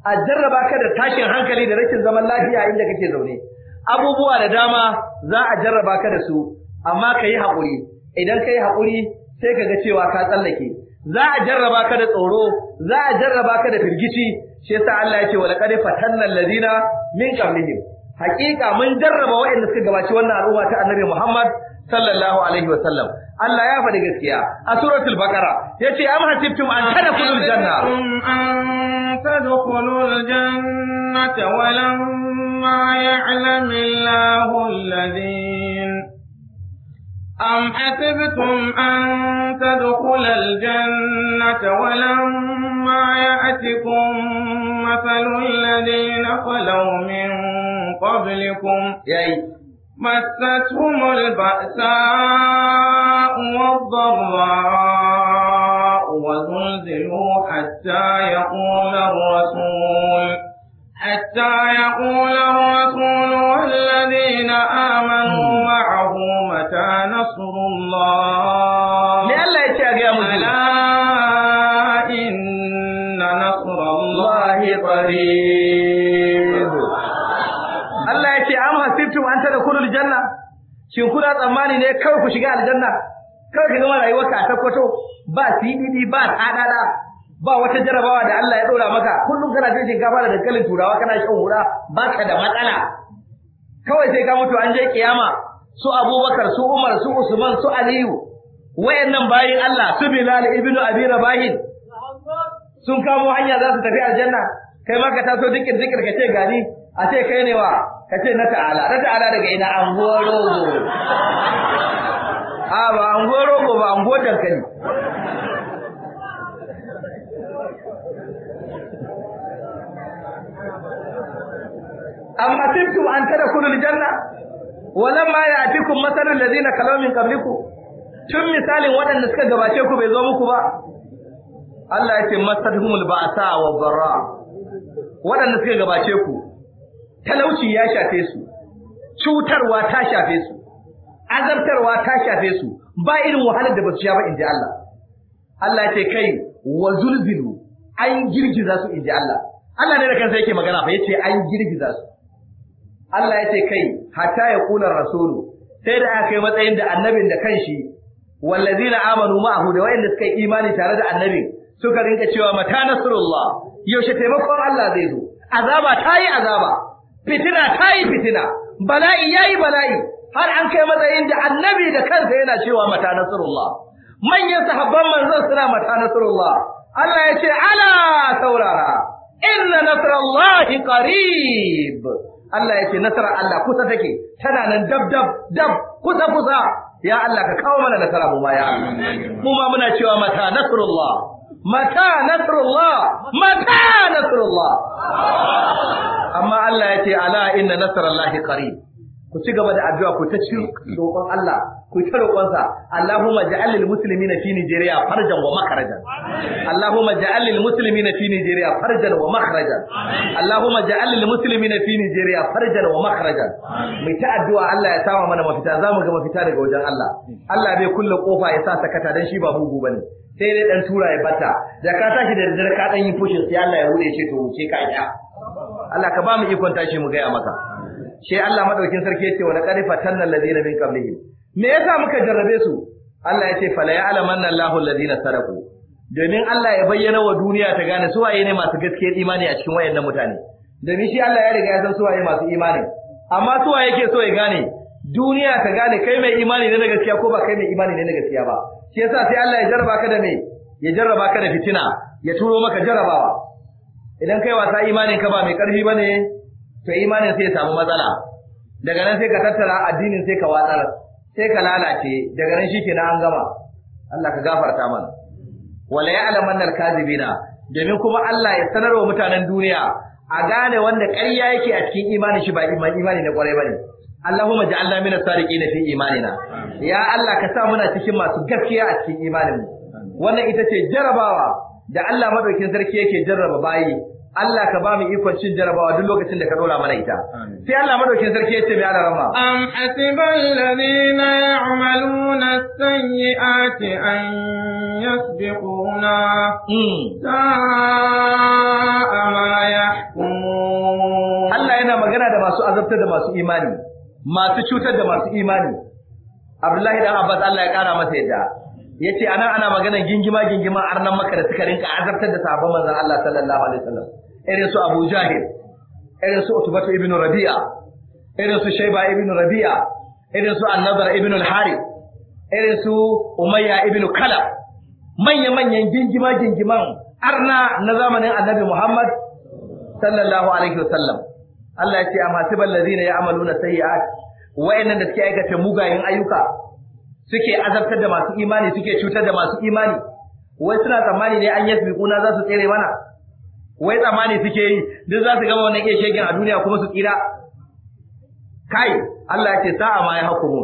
a jarraba ka da tashin hankali da rashin zaman lafiya inda kake zaune abubuwa da dama za a jarraba ka da su amma ka yi haƙuri idan ka yi haƙuri sai ka ga cewa ka tsallake za a jarraba ka da tsoro za a jarraba ka da firgici shi yasa Allah ya ce wa laqad fatanna alladina min qablihim haƙiƙa mun jarraba waɗanda suka gabaci wannan al'umma ta annabi Muhammad sallallahu alaihi wa sallam Allah ya faɗi gaskiya a suratul baqara yace am hasibtum an tadkhulul janna ادخلوا الجنة ولما يعلم الله الذين أم حسبتم أن تدخل الجنة ولما يأتكم مثل الذين خلوا من قبلكم مستهم البأساء والضراء وزلزلوا حتى يقول الرسول حتى يقول الرسول والذين آمنوا معه متى نصر الله ألا إن نصر الله قريب الله يتي أم حسبتم أن تدخلوا الجنة شن كنا تأماني ne kawai ku shiga aljanna kawai ka gama ka a kwato ba CDD ba tsadada ba wata jarabawa da Allah ya ɗora maka kullum kana cin shinkafa da dankalin turawa kana shan hura ba ka da matsala kawai sai ka mutu an je kiyama su Abubakar su Umar su Usman su Aliyu wayannan bayin Allah su Bilal ibn Abi Rabah sun kamo hanya za su tafi aljanna kai ma ka taso dukkan dukkan ka ce gani a ce kai ne wa ka ce na ta'ala na ta'ala daga ina an goro a ba ango rogo ba ango dankali am asibtum an tadkhulul janna walamma ya'tikum da zina khalaw min qablikum tun misalin waɗanda suka gabace ku bai zo muku ba Allah ya ce masadhumul ba'sa wa dharra waɗanda suka gabace ku talauci ya shafe su cutarwa ta shafe su azabtarwa ta shafe su ba irin wahalar da ba su sha ba inji Allah Allah ya ce kai wa zulzilu an girgiza su inji Allah Allah ne da kansa yake magana fa yace an girgiza su Allah ya kai hatta ya kula rasulu sai da aka kai matsayin da annabin da kanshi wallazina amanu ma'ahu da wayanda suka yi imani tare da annabin suka rinka cewa mata nasrullah yaushe taimakon Allah zai zo azaba ta yi azaba fitina ta yi fitina bala'i ya yi bala'i har an kai matsayin da annabi da kansa yana cewa mata nasrullah manyan sahabban manzon suna mata nasrullah Allah ya ce ala taurara, inna nasrallahi qarib Allah ya ce nasarar Allah kusa take tana nan dab dab dab kusa kusa ya Allah ka kawo mana nasara mu ma ya mu ma muna cewa mata nasrullah mata nasrullah mata nasrullah amma Allah ya ce ala inna nasrallahi qarib ku ci gaba da addu'a ku ta ci roƙon Allah ku ta roƙonsa Allahumma ja'al lil muslimina fi Nigeria farjan wa makharajan Allahumma ja'al lil muslimina fi Nigeria farjan wa makharajan Allahumma ja'al lil muslimina fi Nigeria farjan wa makharajan mu ta addu'a Allah ya sawa mana mafita zamu ga mafita daga wajen Allah Allah bai kulle kofa ya sa sakata dan shi ba hugu bane sai dai dan tura ya bata da ka tashi da daddare ka dan yi fushin sai Allah ya rude ce to wuce ka iya Allah ka ba mu ikon tashi mu gaya maka sai Allah madaukin sarki yace wa laqad fatanna alladhina min qablihim me yasa muka jarrabe su Allah yace fala ya'lamanna Allahu alladhina sadaku domin Allah ya bayyana wa duniya ta gane su waye ne masu gaskiyar imani a cikin wayannan mutane domin shi Allah ya riga ya san su waye masu imani amma su waye yake so ya gane duniya ta gane kai mai imani ne na gaskiya ko ba kai mai imani ne na gaskiya ba shi yasa sai Allah ya jarraba ka da me ya jarraba ka da fitina ya turo maka jarrabawa idan kai wasa imanin ka ba mai karfi bane to imanin sai ya samu matsala daga nan sai ka tattara addinin sai ka watsar sai ka lalace daga nan shikenan an gama Allah ka gafarta mana wala ya'lamanna al-kadhibina domin kuma Allah ya sanarwa mutanen duniya a gane wanda ƙarya yake a cikin imanin shi ba imani na kwarai bane Allahumma ja'alna min as-sadiqina fi imanina ya Allah ka sa muna cikin masu gaskiya a cikin imanin mu wannan ita ce jarabawa da Allah madaukin sarki yake jarraba bayi Allah ka ba mu ikon cin jarabawa duk lokacin da ka dora mana ita. Sai Allah madaukin sarki ya ce mai ala rama. Am hasiban ladina ya'maluna sayyiati an yasbiquna. Hmm. Sa'a ya yahkumun. Allah yana magana da masu azabtar da masu imani, masu cutar da masu imani. Abdullahi dan Abbas Allah ya kara masa yadda. Ya ce ana ana magana gingima gingima arnan maka da suka rinka azabtar da sahabban manzon Allah sallallahu alaihi wasallam irin su Abu Jahil irin su Utbah ibn Rabi'a irin su Shayba ibn Rabi'a irin su An-Nadr ibn al-Harith irin su Umayya ibn Kalab manya-manyan gingima gingiman arna na zamanin Annabi Muhammad sallallahu alaihi wasallam Allah ya ce amma hasiban ladina ya'maluna sayyi'at wa'annan da suke aikata mugayen ayyuka suke azabtar da masu imani suke cutar da masu imani wai suna tsammani ne an yasbi kuna za su tsere mana wai tsammani suke yi duk za su gama wannan iya shegen a duniya kuma su tsira kai Allah ya sa'a ma ya hukumu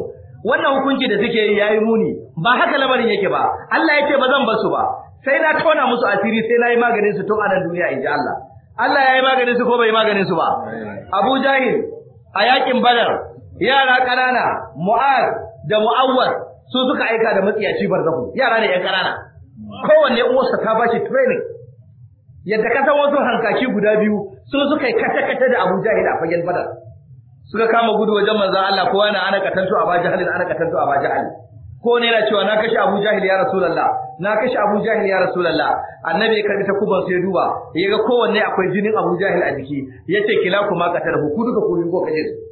wannan hukunci da suke yi yayi muni ba haka lamarin yake ba Allah ya ce ba zan basu ba sai na tona musu asiri sai na yi maganin su tun a nan duniya inji Allah Allah ya yi maganin su ko bai maganin su ba Abu Jahil a yakin Badar yara ƙanana Mu'az da Mu'awwar su suka aika da matsiyaci barzahu yara ne yan ƙanana kowanne uwarsa ta bashi training yadda ka wasu hankaki guda biyu su suka yi kata-kata da Abu Jahil a fagen Badar suka kama gudu wajen manzan Allah ko yana ana katantu a baji halin ana katantu a baji halin ko ne yana cewa na kashe Abu Jahil ya lalla. na kashe Abu Jahil ya lalla. annabi ya karbi takuban sai duba yaga kowanne akwai jinin Abu Jahil a jiki yace kila kuma katar ku duka ku ko kaje su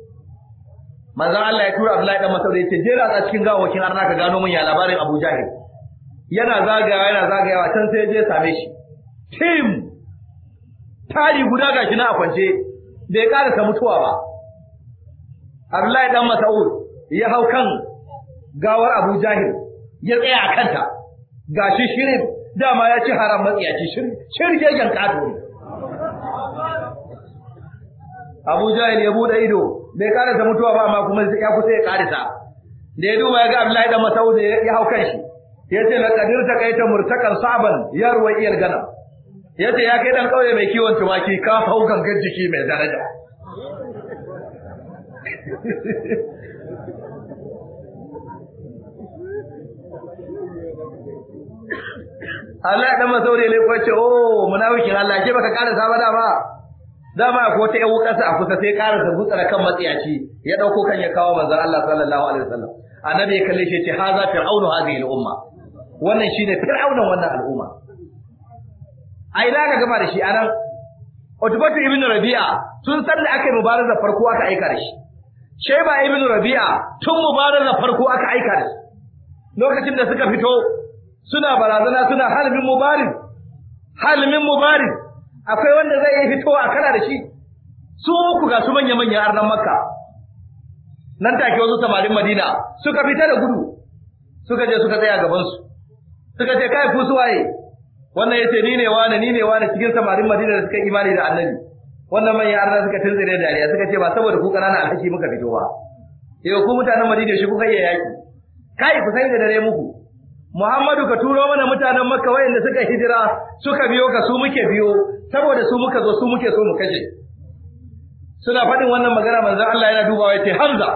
manzon Allah ya tura Abdullahi dan Mas'ud ya ce je ratsa cikin gawakin arna ka gano min ya labarin Abu Jahil yana zagayawa yana zagayawa can sai je same shi tim tari guda gashi na a kwance bai ta mutuwa ba Abdullahi dan Masaud ya hau kan gawar Abu Jahil ya tsaya a kanta gashi shirin dama ya ci haram matsiyaci shirin shirgegen kato ne Abu Jahil ya bude ido bai karasa mutuwa ba amma kuma ya kusa ya karisa da ya duba ya ga Abdullahi da Mas'ud ya hau kan shi yace la qadir ta kai ta murtakan saban yarwa iyal ganam yace ya kai dan kauye mai kiwon tumaki ka hau gangan jiki mai daraja Allah ya dan masaure ne kwace oh munafikin Allah ke baka karasa ba da ba dama ko ta yawo kasa a kusa sai karasa gutsara kan matsiyaci ya dauko kan ya kawo manzon Allah sallallahu alaihi wasallam annabi ya kalle shi ya ce haza fir'aunu hadhihi al-umma wannan shine fir'aunan wannan al'umma ai da ka gama da shi anan Utbatu ibn Rabi'a tun san da aka yi mubarazar farko aka aika da shi Sheba ibn Rabi'a tun mubarazar farko aka aika da shi lokacin da suka fito suna barazana suna halmin mubariz halmin mubariz akwai wanda zai yi fitowa a kana da shi su uku ga su manya-manyan arnan makka nan take wasu samarin madina suka fita da gudu suka je suka tsaya gabansu suka ce kai ku waye? wannan yace ni ne wani ni ne wani cikin samarin madina da suka imani da annabi wannan manyan arnan suka tunzire da dariya suka ce ba saboda ku kanana alhaki muka fito ba yau ku mutanen madina shi kuka iya yaki kai ku sai da dare muku Muhammadu ka turo mana mutanen Makka wayanda suka hijira suka biyo ka su muke biyo saboda su muka zo su muke so mu kashe suna faɗin wannan magana manzon Allah yana dubawa yace Hamza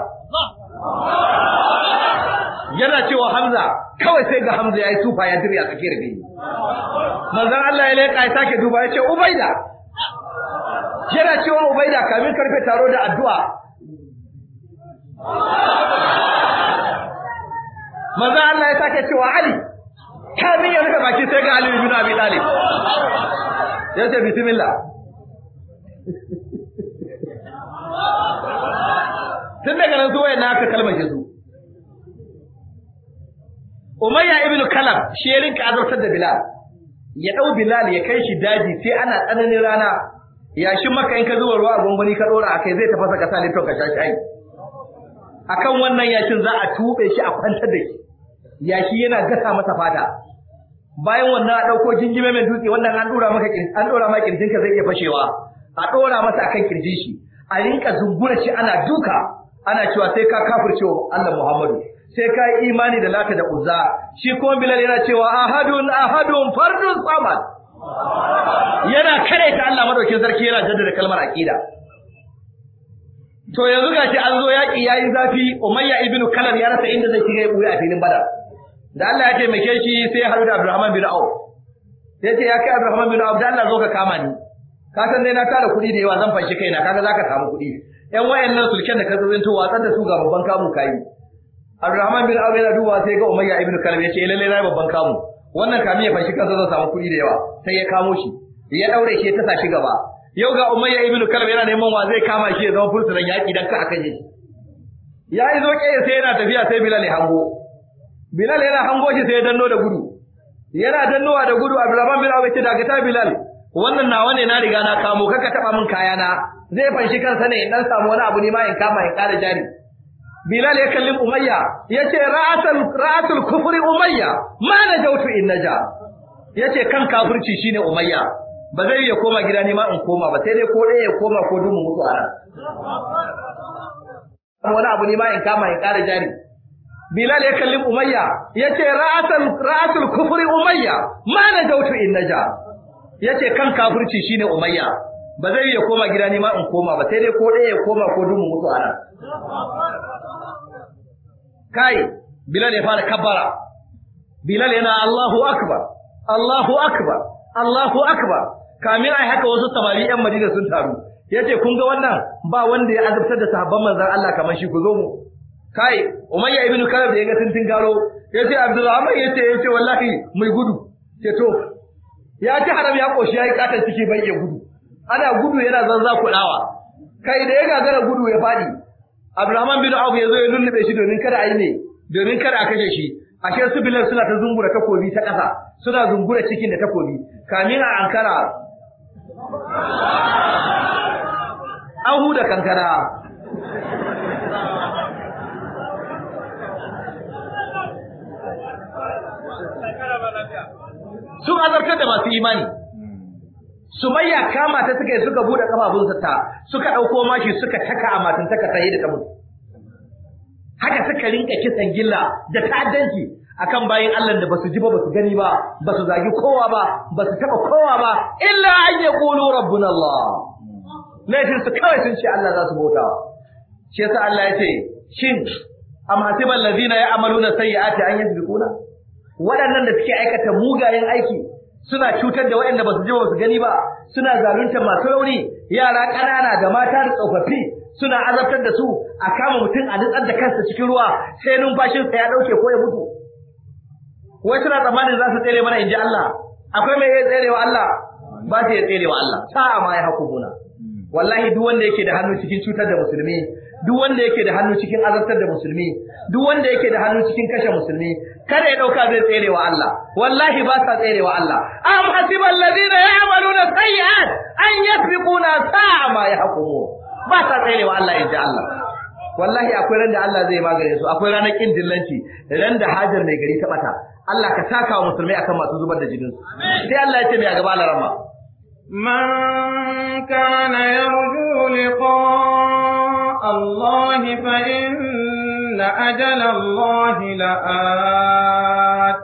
yana cewa Hamza kawai sai ga Hamza yayi tufa ya dirya tsakiyar gari manzon Allah ya leka ya sake duba yace Ubaida yana cewa Ubaida kamin karfe taro da addu'a manzon Allah ya sake cewa Ali kamin ya rufe baki sai ga Ali ibn Abi Talib ya ce bismillah tun daga nan zuwa yana aka kalmar yanzu Umayya ibn kalam shi ya rinka azabtar da Bilal ya ɗau Bilal ya kai shi daji sai ana tsananin rana yashin maka in ka ruwa a gwangwani ka dora akai zai tafasa kasa ne to ka sha shayi akan wannan yakin za a tube shi a kwantar da shi yashi yana gasa masa fata bayan wannan a ɗauko jingime mai dutse wannan an ɗora maka an ɗora maka ka zai iya fashewa a ɗora masa akan kirjin shi a rinka zungura shi ana duka ana cewa sai ka kafirce wa Allah Muhammadu sai ka yi imani da lata da uzza shi kuma bilal yana cewa ahadun ahadun fardun samad yana ta Allah madaukin sarki yana jaddada kalmar aqida to yanzu gashi an zo yaki yayi zafi umayya ibnu kalab ya rasa inda zai shiga ya a filin badar da Allah ya taimake shi sai ya da Abdurrahman bin Auf sai ce ya kai Abdurrahman bin Auf da Allah zo ka kama ni ka san dai na tara kuɗi da yawa zan fanshi kaina kaga zaka samu kuɗi ɗan wayannan sulken da ka zubinto watsar da su ga babban kamu kai Abdurrahman bin Auf yana duba sai ga Umayya ibn Kalab ya ce eh, lalle na babban kamu wannan kamu ya fanshi kansa zan samu kuɗi da yawa sai ya kamo shi ya daure shi ya tasa shi gaba yau ga Umayya ibn Kalab yana neman wa zai kama shi ya zama fursunan yaƙi dan ka akan shi ya yi zo sai yana tafiya sai Bilal ya hango Bilal yana hango shi sai ya danno da gudu yana dannowa da gudu Abdurrahman bin Abi ya ce ta Bilal wannan nawa ne na riga na kamo ka taba min na zai fanshi kansa ne in dan samu wani abu ne ma in kama in kara jari Bilal ya kalli Umayya yace ra'atul ra'atul kufri Umayya ma na jautu in naja yace kan kafirci shine Umayya ba zai ya koma gida ne ma in koma ba sai dai ko ɗaya ya koma ko dumin mutuwa. wani abu ne ma in kama in kara jari Bilal ya kalli Umayya ce ra'atul ra'atul kufri Umayya ma na jautu in naja ce kan kafirci shine Umayya ba zai ya koma gida ni ma in koma ba sai dai ko ɗaya ya koma ko dumu mutu ana kai Bilal ya fara kabbara Bilal yana Allahu akbar Allahu akbar Allahu akbar kamin ai haka wasu samari yan Madina sun taru yace kun ga wannan ba wanda ya azabtar da sahabban manzon Allah kamar shi ku zo mu kai umayya ibnu kalab da ya ga sun garo ya ce abdurrahman ya ce ya ce wallahi mai gudu ce to ya ci haram ya koshi ya yi katon ciki bai gudu ana gudu yana zanza kuɗawa kai da ya gagara gudu ya faɗi abdurrahman bin auf ya zo ya lullube shi domin kada a yi ne domin kada a kashe shi ashe su bilal suna ta zungura takobi ta ƙasa suna zungura cikin da takobi kamin a ankara an huda kankara sun azartar da masu imani sumayya kama ta suka yi suka bude kafafunsa ta suka ɗauko mashi suka taka a matan taka sai da ta mutu haka suka rinka kisan gilla da ta'addanci akan bayin Allah da basu ji ba basu gani ba basu zagi kowa ba basu taba kowa ba illa an yaqulu rabbuna Allah su kawai sun ce Allah za su bauta shi yasa Allah ya ce shin am hasiba allazina ya'maluna sayyi'ati an yasbiquna waɗannan da suke aikata mugayen aiki suna cutar da waɗanda ba su ji ba su gani ba suna zalunta masu rauni yara ƙanana da mata da tsofaffi suna azabtar da su a kama mutum a nutsar da kansa cikin ruwa sai numfashinsa ya dauke ko ya mutu wai suna tsammanin za su tsere mana in ji Allah akwai mai iya tserewa Allah ba su iya tserewa Allah sa'a ma ya haku wallahi duk wanda yake da hannu cikin cutar da musulmi duk wanda yake da hannu cikin azabtar da musulmi duk wanda yake da hannu cikin kashe musulmi kada ya dauka zai tsere wa Allah wallahi ba sa tsere wa Allah am hasiba alladhina ya'maluna sayyi'at an yasbiquna sa'a ma yahkumu ba sa tsere wa Allah inda Allah wallahi akwai ran da Allah zai magare su akwai ranar kin dillanci ran da hajar mai gari ta bata Allah ka taka wa musulmai akan masu zubar da jinin su sai Allah ya ce mai a gaba larama man kana yarju liqa الله فإن أجل الله لآت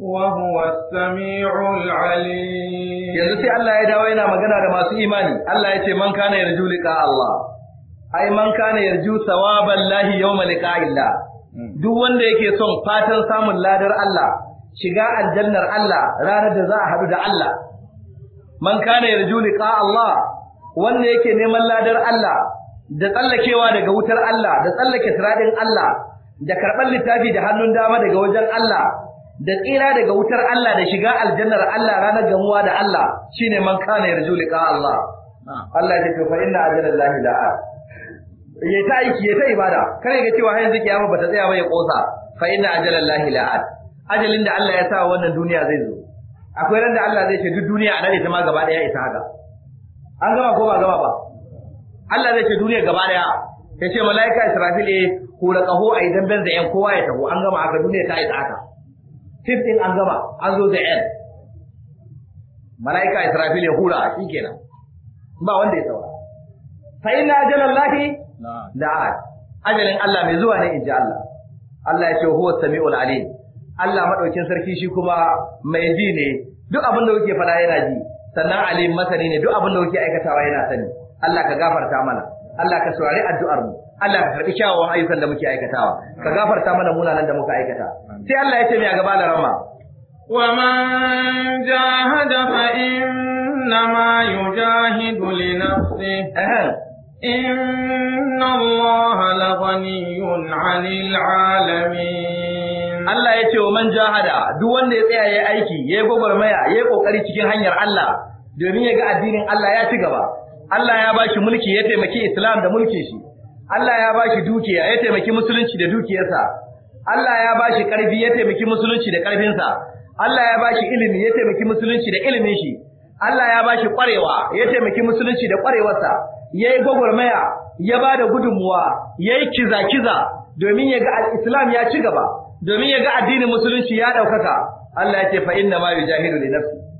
وهو السميع العليم yanzu sai Allah ya dawo yana magana da masu imani Allah ya ce man kana yarju liqa Allah ai man kana yarju sawaban lahi yawma hmm. duk wanda yake son fatan samun ladar Allah shiga aljannar Allah ranar da za a haɗu da Allah man kana yarju liqa Allah wanda yake neman ladar Allah da tsallakewa daga wutar Allah da tsallake siradin Allah da karɓar littafi da hannun dama daga wajen Allah da tsira daga wutar Allah da shiga aljannar Allah ranar gamuwa da Allah shine man kana yarju liqa Allah Allah ya ce fa inna ajalallahi la'a ya ta aiki ya ta ibada kare ga cewa yanzu kiyama ta tsaya ba ya kosa fa inna ajalallahi la'a ajalin da Allah ya sa wannan duniya zai zo akwai ran da Allah zai ce duk duniya a nade ta ma gaba daya isa haka an gama ko ba gama ba Allah zai ce duniya gaba daya ya ce mala'ika Israfil eh hura kaho a idan ban zai kowa ya taho an gama aka duniya ta isa aka tif an gama an zo da yan mala'ika Israfil ya hura shikenan ba wanda ya saura fa inna ajalallahi la'at ajalin Allah mai zuwa ne inji Allah Allah ya ce huwa samiul alim Allah madaukin sarki shi kuma mai ji ne duk abin da kuke fada yana ji sannan alim masani ne duk abin da kuke aikatawa yana sani Allah ka gafarta mana Allah ka saurari addu'ar mu Allah ka karbi kyawawan ayyukan da muke aikatawa ka gafarta mana munanan da muka aikata sai Allah ya ce mai gaba da rama wa man jahada fa innama yujahidu li nafsihi إن الله لغني عن العالمين Allah ya ce wa man jahada duk wanda ya tsaya ya aiki ya yi gwagwarmaya ya yi kokari cikin hanyar Allah domin ya ga addinin Allah ya ci gaba Allah ya ba shi mulki ya taimaki Islam da mulkin shi Allah ya ba bashi dukiya ya taimaki musulunci da dukiyarsa Allah ya ba shi karfi ya taimaki musulunci da karfinsa Allah ya ba shi ilimi ya taimaki musulunci da ilimin shi Allah ya ba shi kwarewa ya taimaki musulunci da kwarewarsa yayi gwagwarmaya ya ba da gudunmuwa yayi kiza-kiza domin ya ga al'islam islam ya ci gaba domin ya ga addinin musulunci ya ɗaukaka. Allah ya ce fa inna ma jahilu ne nafsi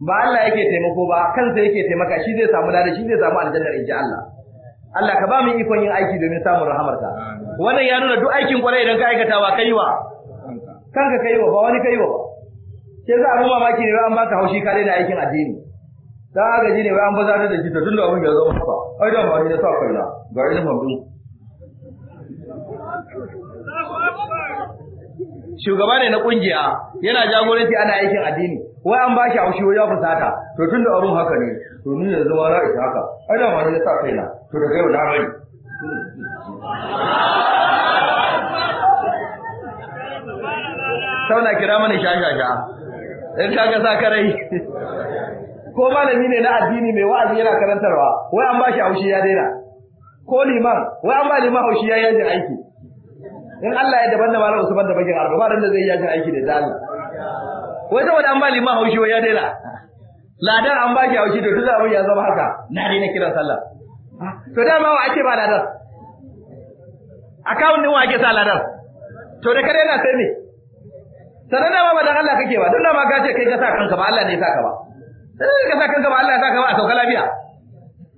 ba Allah yake taimako ba kansa yake taimaka shi zai samu dare shi zai samu aljannar inji Allah Allah ka ba mu ikon yin aiki domin samun rahamarka wannan ya nuna duk aikin kwarai idan ka aikata ba kai wa kanka kai wa ba wani kai wa ba ke za a ruma maki ne an baka haushi ka daina aikin addini dan aka ji ne wai an bazatar da shi tunda abin ya zo maka ai da ba ni da sa kaina ga ilimin mu shugaba ne na kungiya yana jagoranci ana aikin addini wai an bashi haushi wai ya fusata to tun da abun haka ne to ni yanzu ma na isa haka ai da ma ne sa kaina to da kai na bari sauna kira mana shashasha in ga sa karai ko malami ne na addini mai wa'azi yana karantarwa wai an bashi haushi ya daina ko liman wai an ba liman haushi ya yajin aiki in Allah ya daban da malam Usman da bagin arba ba da zai yajin aiki da zalim wai saboda an ba liman haushi wai ya daina Ladar an ba shi haushi to duk abin ya zama haka na daina kiran sallah ah, to ma wa ake ba ladar akawun ne wa ake sa ladar? to da kare na sai ne sanan da ba da Allah kake ba don ma ka ce kai ka sa kanka ba Allah ne ya sa ka ba sai eh, ka sa kanka ba Allah ya sa ka ba a sauka lafiya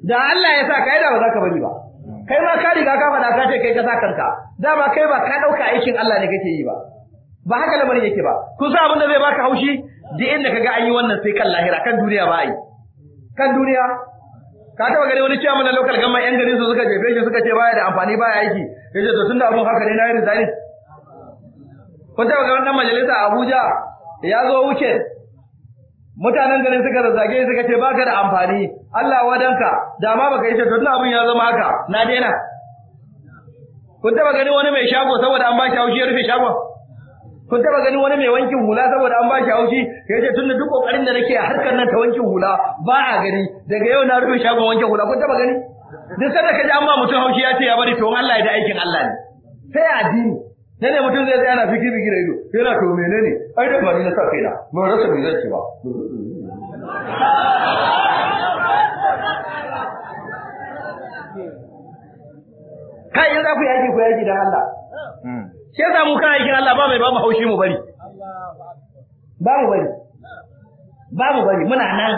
da Allah ya sa ka da ba za ka bari ba kai ma ka riga ka faɗa ka ce kai ka sa kanka dama kai ba ka ɗauka aikin Allah ne kake yi ba ba haka lamarin yake ba kun san abin da zai baka haushi Da inda kaga an yi wannan sai kan lahira kan duniya ba ai kan duniya ka taba gani wani ciyaman na local gamma yan garin su suka jefe shi suka ce baya da amfani baya aiki yace to tunda abun haka ne na yi rizani kun taba ga wannan majalisa a Abuja ya zo wuce mutanen garin suka zage suka ce baka da amfani Allah wadanka da ma baka yi to tunda abun ya zama haka na daina kun taba gani wani mai shago saboda an ba shi haushi ya rufe shagon kun taba ganin wani mai wankin hula saboda an bashi haushi ya ce tunda duk kokarin da nake a harkar nan ta wankin hula ba a gari daga yau na rufe shagon wankin hula kun taba gani duk sanda ka ji an ba mutum haushi ya ce ya bari to Allah ya da aikin Allah ne sai addini sai ne mutum zai tsaya na fiki fiki da ido yana to menene ai da ba ni na sa kaina mun rasa me zai ba kai in ku yaki ku yaki da Allah Ke sa mu kana aikin Allah ba mai ba mu haushi mu bari ba mu bari ba mu bari muna nan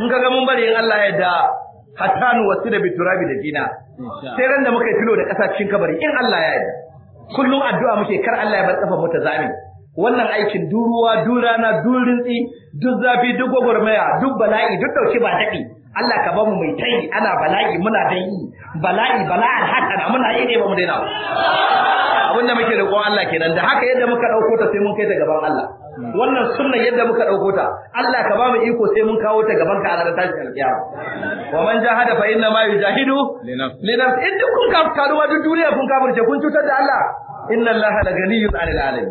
in ga mun bari in Allah ya da hatanu wasu da biturabi da dina sai ran da muka yi filo da ƙasa cikin kabari in Allah ya yi. kullum addu'a muke kar Allah ya bar kafa mu ta zame wannan aikin duruwa durana durintsi duk zafi duk gwagwarmaya duk bala'i duk dauki ba daɗi Allah ka ba mu mai tai ana bala'i muna da yi bala'i bala'an da muna yi ne ba mu daina abin da muke roƙon Allah kenan da haka yadda muka ɗauko ta sai mun kai ta gaban Allah wannan sunna yadda muka ɗauko ta Allah ka ba mu iko sai mun kawo ta gaban ka a ranar tashin alƙiyama wa man jahada fa inna ma yujahidu li nafsi in duk kun karuwa duk duniya kun kafirce kun cutar da Allah inna Allah la ganiyyun 'anil 'alamin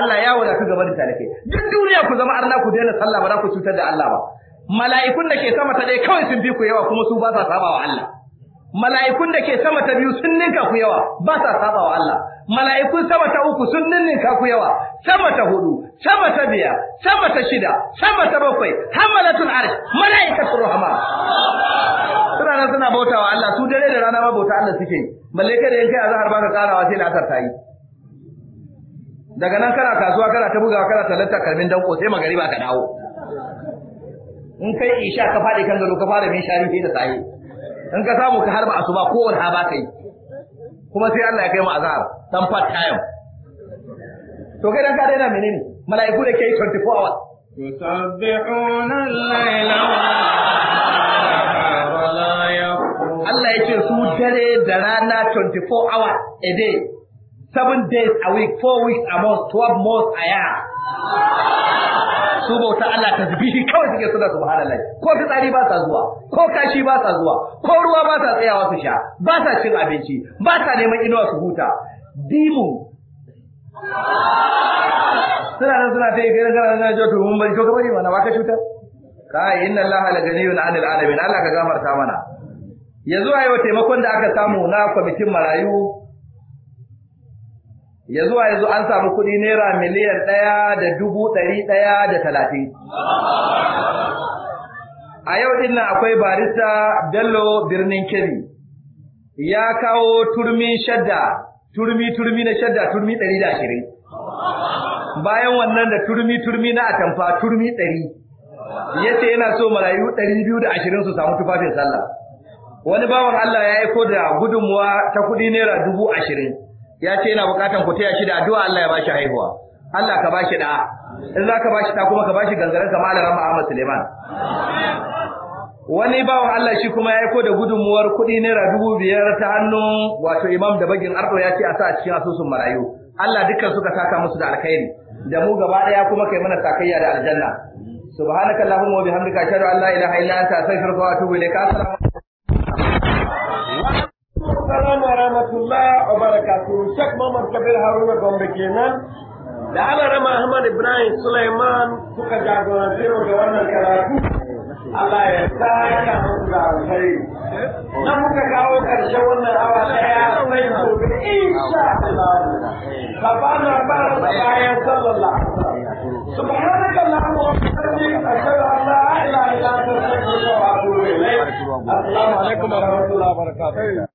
Allah ya wadatu gaban da duk duniya ku zama arna ku daina sallah ba za ku cutar da Allah ba mala'ikun da ke sama ta ɗaya kawai sun fi ku yawa kuma su ba sa saba wa Allah mala'ikun da ke sama ta biyu sun ninka ku yawa ba sa saba wa Allah mala'ikun sama ta uku sun ninninka ku yawa sama ta hudu sama ta biya sama ta shida sama ta bakwai hamalatul arsh mala'ikatul rahama. suna nan suna bautawa Allah su dare da rana ma bauta Allah suke yi da yankai in kai azhar baka karawa sai la'asar ta yi daga nan kana kasuwa kana ta bugawa kana talata kalmin danko sai magariba ka dawo in kai isha ka faɗi kan gado ka fara min shari sai da sahi in ka samu ka harba asuba ko wani haba kai kuma sai Allah ya kai mu azhar dan part time to kai dan ka daina menene mala'iku da kai 24 hours yusabbihuna al-laila Allah ya ce su dare da rana 24 hours a day seven days a week four weeks a month twelve months a year su bauta Allah ta zubihi kawai suke suna su wahala lai, ko fitsari ba sa zuwa ko kashi ba sa zuwa ko ruwa ba sa tsayawa su sha ba sa cin abinci ba sa neman inuwa su huta dimu suna nan suna ta yi kai gara na jo to bari ko kamar yi mana ba ka shuta kai inna Allah la ganiyun 'anil 'alamin Allah ka gamar ta mana yanzu ayo taimakon da aka samu na kwamitin marayu ya zuwa yanzu an samu kuɗi naira miliyan ɗaya da dubu ɗari ɗaya da talatin. A yau ɗin nan akwai barista Bello birnin Kebbi ya kawo turmi shadda, turmi turmi na shadda turmi ɗari da ashirin. Bayan wannan da turmi turmi na atamfa turmi ɗari. Ya ce yana so marayu ɗari biyu da ashirin su samu tufafin sallah. Wani bawan Allah ya aiko da gudunmuwa ta kuɗi naira dubu ashirin. ya ce yana bukatan ku taya shi da addu'a Allah ya bashi haihuwa Allah ka bashi da in za ka bashi ta kuma ka bashi gangaren ka malaran Muhammad Suleiman wani bawo Allah shi kuma ya aiko da gudunmuwar kuɗi naira dubu biyar ta hannun wato imam da bagin ardo ya ce a sa a cikin asusun marayu Allah dukkan suka saka musu da alkhairi da mu gaba daya kuma kai mana sakayya da aljanna subhanakallahumma wa bihamdika ashhadu an la ilaha illa anta astaghfiruka wa atubu ilaik assalamu Assalamu rahmatullah wa barakatuhu Sheikh Muhammad Kabir Haruna Gombe kenan da Allah rama Ahmad Ibrahim Sulaiman suka jagoranci da wannan karatu Allah ya sa ya mutu da alkhairi na muka kawo karshen wannan awa daya sai gobe insha Allah ba سبحانك اللهم وبحمدك اشهد ان لا اله الا انت استغفرك واتوب اليك السلام عليكم ورحمه الله وبركاته